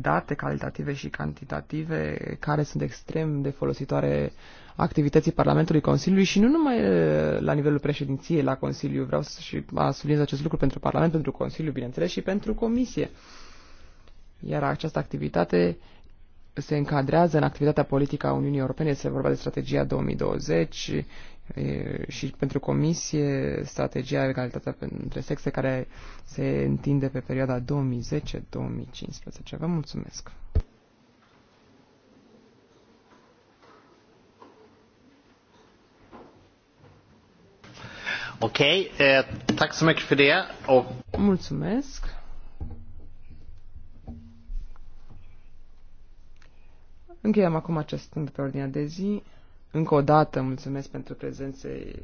Speaker 3: date calitative și cantitative care sunt extrem de folositoare activității Parlamentului Consiliului și nu numai uh, la nivelul președinției la Consiliu. Vreau să și subliniez acest lucru pentru Parlament, pentru Consiliu, bineînțeles, și pentru Comisie. Iar această activitate se încadrează în activitatea politică a Uniunii Europene, este vorba de strategia 2020 și pentru comisie strategia egalitatea între sexe care se întinde pe perioada 2010-2015. Vă mulțumesc!
Speaker 1: Ok. eh, tack så mycket för det. Och... Mulțumesc!
Speaker 3: Încheiem acum acest punct pe ordinea de zi. Încă o dată mulțumesc pentru prezenței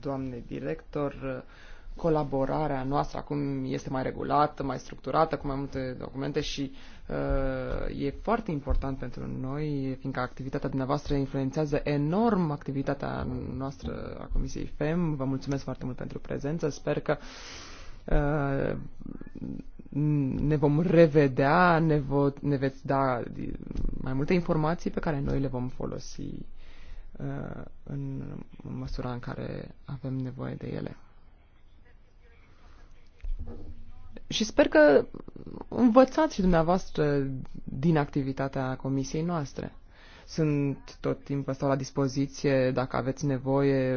Speaker 3: doamnei director. Colaborarea noastră acum este mai regulată, mai structurată, cu mai multe documente și uh, e foarte important pentru noi, fiindcă activitatea dumneavoastră influențează enorm activitatea noastră a Comisiei FEM. Vă mulțumesc foarte mult pentru prezență. Sper că uh, ne vom revedea, ne, vo- ne veți da mai multe informații pe care noi le vom folosi uh, în măsura în care avem nevoie de ele. Și sper că învățați și dumneavoastră din activitatea comisiei noastre. Sunt tot timpul stau la dispoziție dacă aveți nevoie,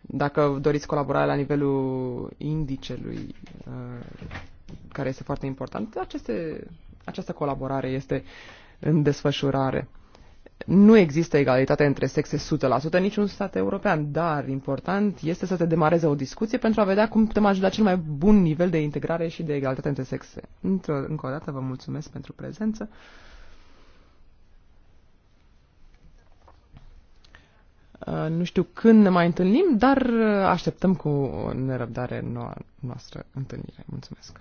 Speaker 3: dacă doriți colaborare la nivelul indicelui uh, care este foarte important. Aceste, această colaborare este în desfășurare. Nu există egalitate între sexe 100% niciun stat european, dar important este să se demareze o discuție pentru a vedea cum putem ajuta cel mai bun nivel de integrare și de egalitate între sexe. Într-o, încă o dată vă mulțumesc pentru prezență. Uh, nu știu când ne mai întâlnim, dar uh, așteptăm cu nerăbdare noua noastră întâlnire.
Speaker 1: Mulțumesc!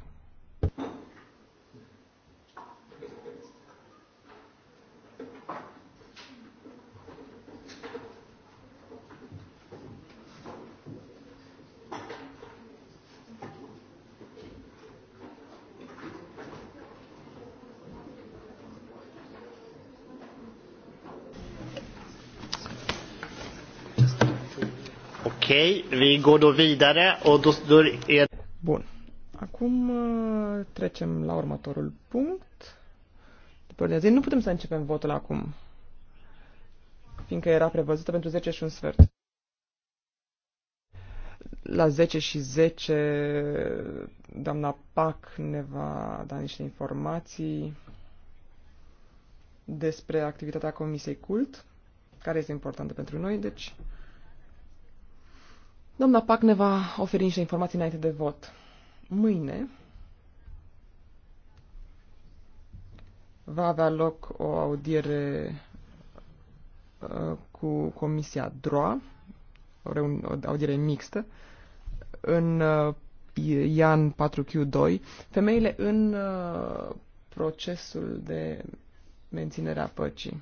Speaker 1: Okej, okay, vi går då vidare och då, då är... Bun.
Speaker 3: Acum uh, trecem la următorul punct. După de zi nu putem să începem votul acum, fiindcă era prevăzută pentru 10 și un sfert. La 10 și 10, doamna Pac ne va da niște informații despre activitatea Comisiei Cult, care este importantă pentru noi, deci Doamna Pac ne va oferi niște informații înainte de vot. Mâine va avea loc o audiere uh, cu Comisia DROA, o, o audiere mixtă, în uh, Ian 4Q2, femeile în uh, procesul de menținere a păcii.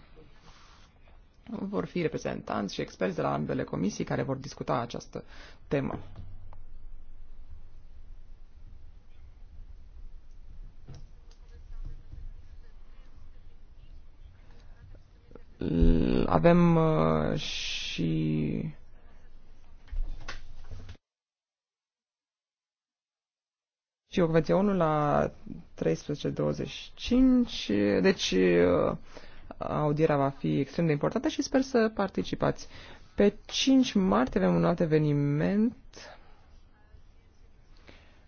Speaker 3: Vor fi reprezentanți și experți de la ambele comisii care vor discuta această temă. Avem uh, și și Ocveționul la 13.25. Deci uh, audierea va fi extrem de importantă și sper să participați. Pe 5 martie avem un alt eveniment.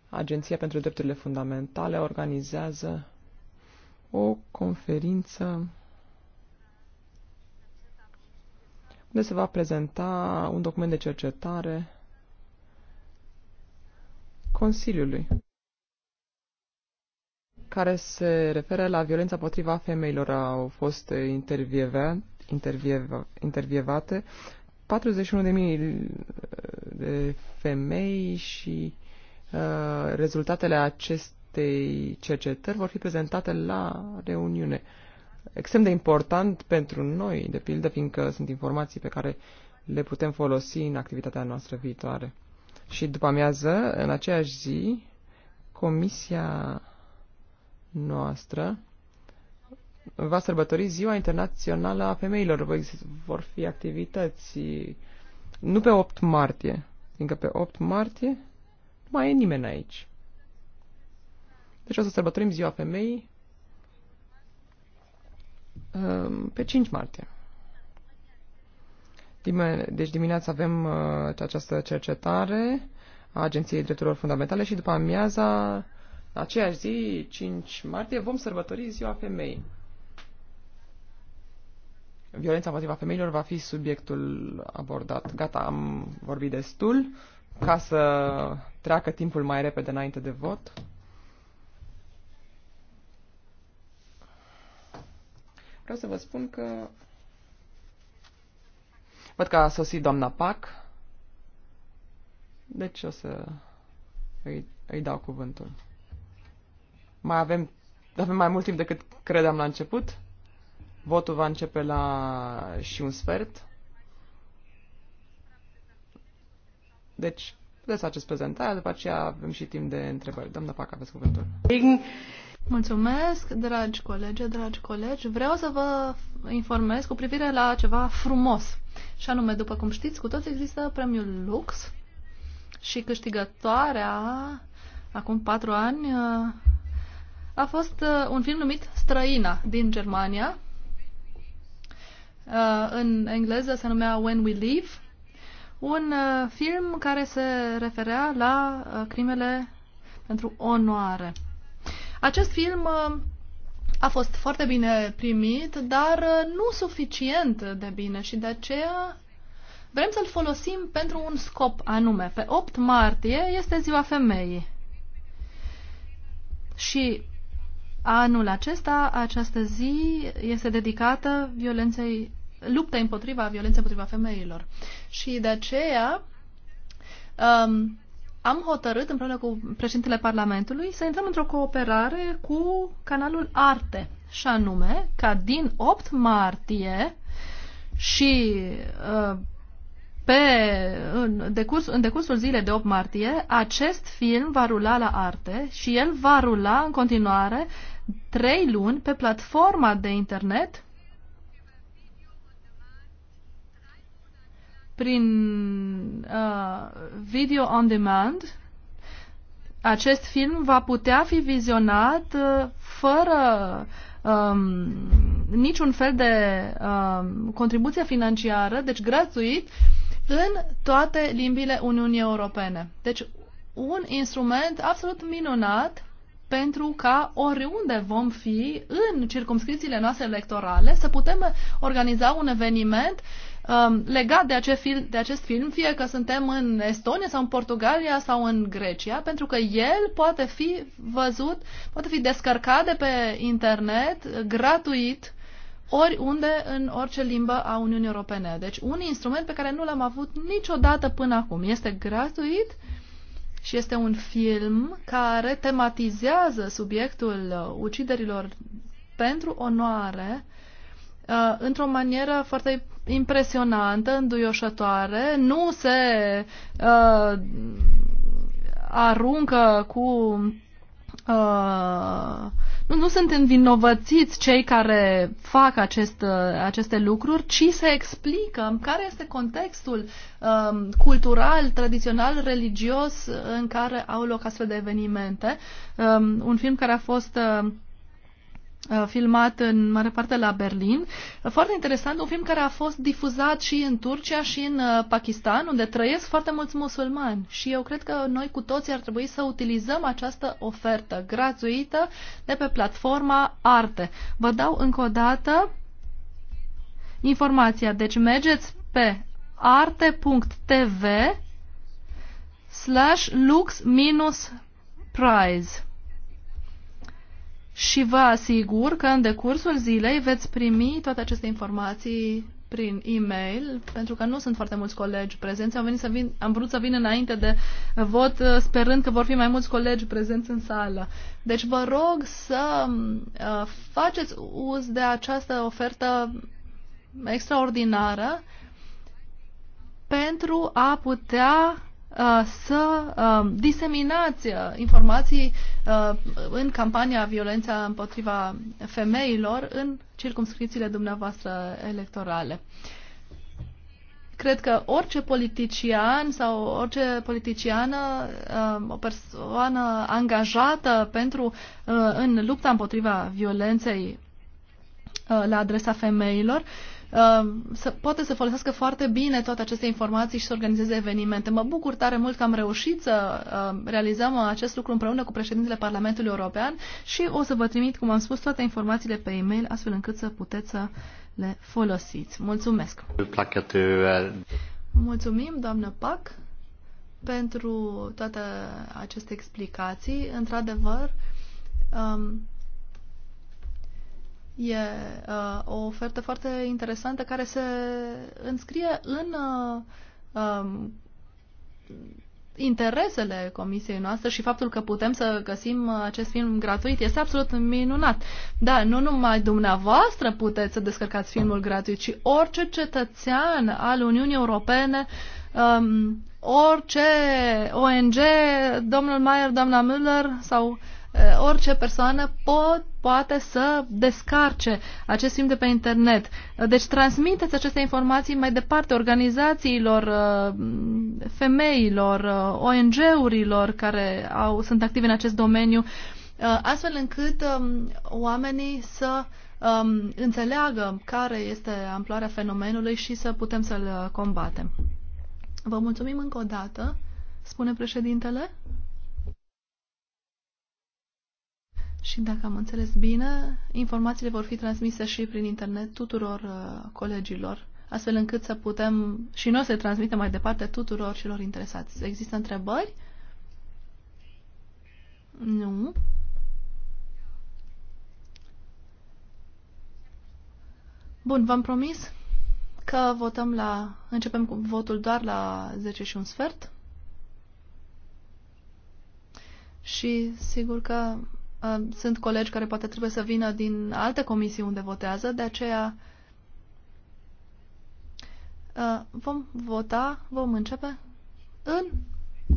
Speaker 3: Agenția pentru Drepturile Fundamentale organizează o conferință unde se va prezenta un document de cercetare Consiliului care se referă la violența potriva femeilor. Au fost intervieve, intervieva, intervievate 41.000 uh, de femei și uh, rezultatele acestei cercetări vor fi prezentate la reuniune. Extrem de important pentru noi, de pildă, fiindcă sunt informații pe care le putem folosi în activitatea noastră viitoare. Și după amiază, în aceeași zi, Comisia noastră va sărbători Ziua Internațională a Femeilor. Vor fi activități nu pe 8 martie, fiindcă pe 8 martie nu mai e nimeni aici. Deci o să sărbătorim Ziua Femeii um, pe 5 martie. Deci dimineața avem uh, această cercetare a Agenției Drepturilor Fundamentale și după amiaza în aceeași zi, 5 martie, vom sărbători Ziua Femeii. Violența împotriva femeilor va fi subiectul abordat. Gata, am vorbit destul ca să treacă timpul mai repede înainte de vot. Vreau să vă spun că văd că a sosit doamna Pac, deci o să îi, îi dau cuvântul. Mai avem, avem mai mult timp decât credeam la început. Votul va începe la și un sfert. Deci, puteți faceți prezentarea, după aceea avem și timp de întrebări. Doamna Pac, aveți cuvântul.
Speaker 2: Mulțumesc, dragi colegi, dragi colegi. Vreau să vă informez cu privire la ceva frumos. Și anume, după cum știți, cu toți există premiul Lux și câștigătoarea acum patru ani a fost uh, un film numit Străina din Germania. Uh, în engleză se numea When We Leave. Un uh, film care se referea la crimele pentru onoare. Acest film a fost foarte bine primit, dar nu suficient de bine și de aceea vrem să-l folosim pentru un scop anume. Pe 8 martie este ziua femeii. Și Anul acesta, această zi, este dedicată violenței, lupta împotriva violenței împotriva femeilor. Și de aceea um, am hotărât împreună cu președintele Parlamentului să intrăm într-o cooperare cu canalul Arte. Și anume, ca din 8 martie și uh, pe, în, decurs, în decursul zilei de 8 martie, acest film va rula la arte și el va rula în continuare trei luni pe platforma de internet prin uh, video on demand. Acest film va putea fi vizionat uh, fără um, niciun fel de um, contribuție financiară, deci gratuit, în toate limbile Uniunii Europene. Deci un instrument absolut minunat pentru ca oriunde vom fi în circumscripțiile noastre electorale să putem organiza un eveniment um, legat de, acest, film, de acest film, fie că suntem în Estonia sau în Portugalia sau în Grecia, pentru că el poate fi văzut, poate fi descărcat de pe internet gratuit oriunde, în orice limbă a Uniunii Europene. Deci un instrument pe care nu l-am avut niciodată până acum. Este gratuit uh, și este un film care tematizează subiectul uh, uciderilor pentru onoare uh, într-o manieră foarte impresionantă, înduioșătoare. Nu se uh, aruncă cu uh, nu, nu sunt învinovățiți cei care fac acest, uh, aceste lucruri, ci se explică care este contextul um, cultural, tradițional, religios în care au loc astfel de evenimente. Um, un film care a fost uh, Uh, filmat în mare parte la Berlin. Uh, foarte interesant, un film care a fost difuzat și în Turcia și în uh, Pakistan, unde trăiesc foarte mulți musulmani. Și eu cred că noi cu toții ar trebui să utilizăm această ofertă gratuită de pe platforma Arte. Vă dau încă o dată informația. Deci mergeți pe arte.tv slash lux minus prize și vă asigur că în decursul zilei veți primi toate aceste informații prin e-mail, pentru că nu sunt foarte mulți colegi prezenți. Am, venit să vin, am vrut să vin înainte de vot, uh, sperând că vor fi mai mulți colegi prezenți în sală. Deci vă rog să uh, faceți uz de această ofertă extraordinară pentru a putea Uh, să uh, diseminați uh, informații în campania violența împotriva femeilor în circumscripțiile dumneavoastră electorale. Cred că orice politician sau orice politiciană, o persoană angajată pentru, în lupta împotriva violenței la adresa femeilor, Ehm, să, poate să folosească foarte bine toate aceste informații și să organizeze evenimente. Mă bucur tare mult că am reușit să ehm, realizăm acest lucru împreună cu președintele Parlamentului European și o să vă trimit, cum am spus, toate informațiile pe e-mail astfel încât să puteți să le folosiți. Mulțumesc! Mulțumim, doamnă Pac, pentru toate aceste explicații. Într-adevăr, um, E uh, o ofertă foarte interesantă care se înscrie în uh, um, interesele comisiei noastre și faptul că putem să găsim acest film gratuit este absolut minunat. Da, nu numai dumneavoastră puteți să descărcați filmul gratuit, ci orice cetățean al Uniunii Europene, um, orice ONG, domnul Mayer, doamna Müller sau uh, Eh, orice persoană pot, poate să descarce acest film de pe internet. Eh, deci transmiteți aceste informații mai departe organizațiilor, eh, femeilor, ONG-urilor care au, sunt active în acest domeniu, astfel încât oamenii să înțeleagă care este amploarea fenomenului și să putem să-l combatem. Vă mulțumim încă o dată, spune președintele. Și dacă am înțeles bine, informațiile vor fi transmise și prin internet tuturor uh, colegilor, astfel încât să putem și noi să le transmitem mai departe tuturor celor interesați. Există întrebări? Nu. Bun, v-am promis că votăm la, începem cu votul doar la 10 și un sfert. Și sigur că sunt colegi care poate trebuie să vină din alte comisii unde votează, de aceea vom vota, vom începe în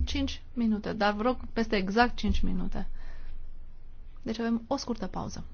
Speaker 2: 5 minute, dar vă rog peste exact 5 minute. Deci avem o scurtă pauză.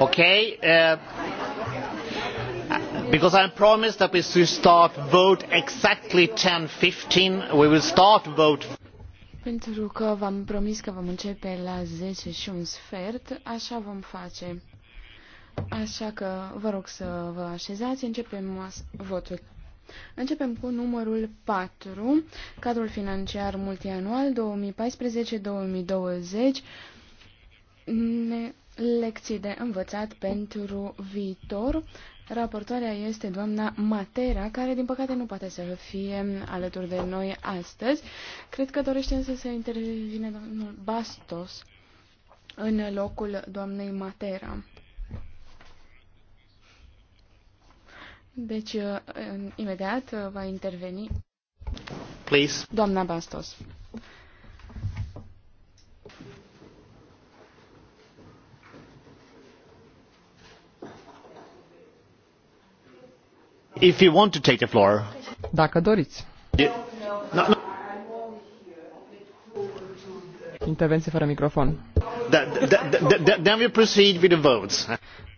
Speaker 1: Okay. Uh, because I promised that we should start vote exactly 10:15. We will start vote.
Speaker 5: Pentru că v-am promis că vom începe la 10 și un sfert, așa vom face. Așa că vă rog să vă așezați, începem votul. Începem cu numărul 4, cadrul financiar multianual 2014-2020. Ne Lecții de învățat pentru viitor. Raportoarea este doamna Matera, care din păcate nu poate să fie alături de noi astăzi. Cred că dorește însă să intervine domnul Bastos în locul doamnei Matera. Deci, imediat va interveni. Please. Doamna Bastos.
Speaker 1: if you want to take the floor.
Speaker 3: Dacă doriți. No, no.
Speaker 1: Intervenție fără microfon. Da, da, da, then we proceed with the votes.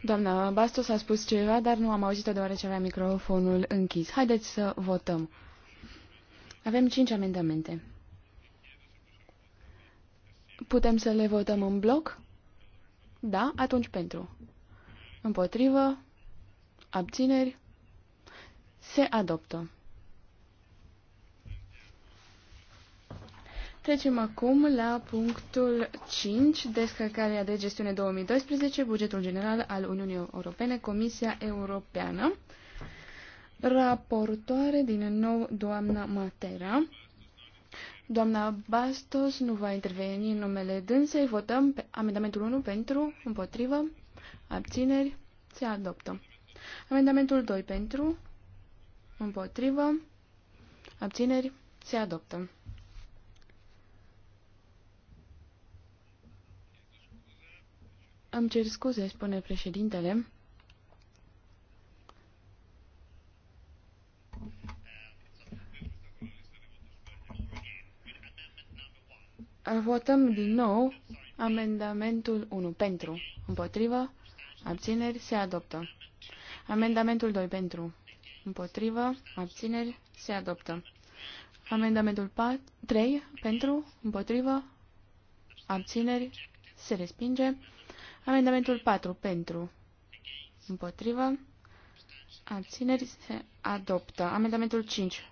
Speaker 5: Doamna Bastos a spus ceva, dar nu am auzit-o deoarece avea microfonul închis. Haideți să votăm. Avem cinci amendamente. Putem să le votăm în bloc? Da, atunci pentru. Împotrivă, abțineri, se adoptă. Trecem acum la punctul 5, descărcarea de gestiune 2012, bugetul general al Uniunii Europene, Comisia Europeană. Raportoare din nou doamna Matera. Doamna Bastos nu va interveni în numele dânsei. Votăm pe amendamentul 1 pentru, împotrivă, abțineri, se adoptă. Amendamentul 2 pentru, Împotrivă. Abțineri. Se adoptă. Îmi cer scuze, spune președintele. Votăm din nou amendamentul 1 pentru, împotrivă, abțineri, se adoptă. Amendamentul 2 pentru, împotrivă, abțineri, se adoptă. Amendamentul 4, 3, pentru, împotrivă, abțineri, se respinge. Amendamentul 4, pentru, împotrivă, abțineri, se adoptă. Amendamentul 5,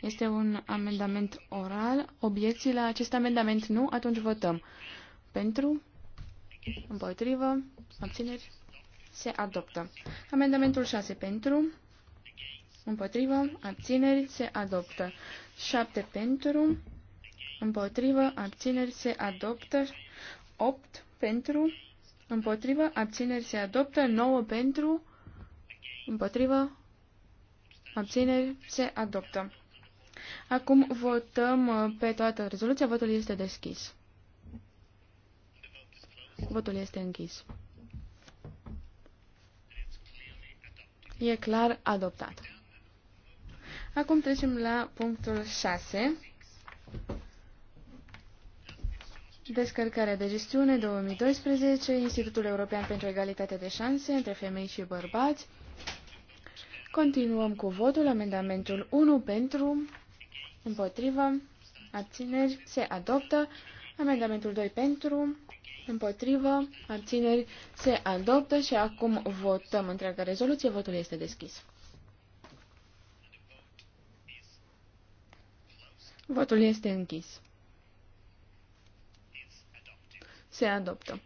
Speaker 5: este un amendament oral. Obiecții la acest amendament nu, atunci votăm. Pentru, împotrivă, abțineri, se adoptă. Amendamentul 6 pentru, împotrivă, abțineri, se adoptă. 7 pentru, împotrivă, abțineri, se adoptă. 8 pentru, împotrivă, abțineri, se adoptă. 9 pentru, împotrivă, abțineri, se adoptă. Acum votăm uh, pe toată rezoluția. Votul este deschis. Votul este închis. E clar adoptat. Acum trecem la punctul 6. Descărcarea de gestiune 2012, Institutul European pentru Egalitate de Șanse între Femei și Bărbați. Continuăm cu votul. Amendamentul 1 pentru, împotrivă, abțineri, se adoptă. Amendamentul 2 pentru, împotrivă, abțineri, se adoptă și acum votăm întreaga rezoluție. Votul este deschis. Votul este închis. Se adoptă.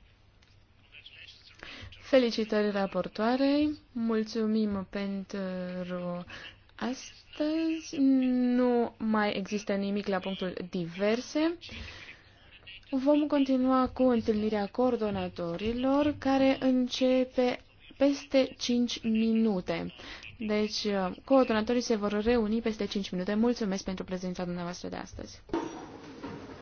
Speaker 5: Felicitări raportoarei, mulțumim pentru astăzi. Nu mai există nimic la punctul diverse. Vom continua cu întâlnirea coordonatorilor, care începe peste 5 minute. Deci, uh, coordonatorii se vor reuni peste 5 minute. Mulțumesc pentru prezența dumneavoastră de astăzi.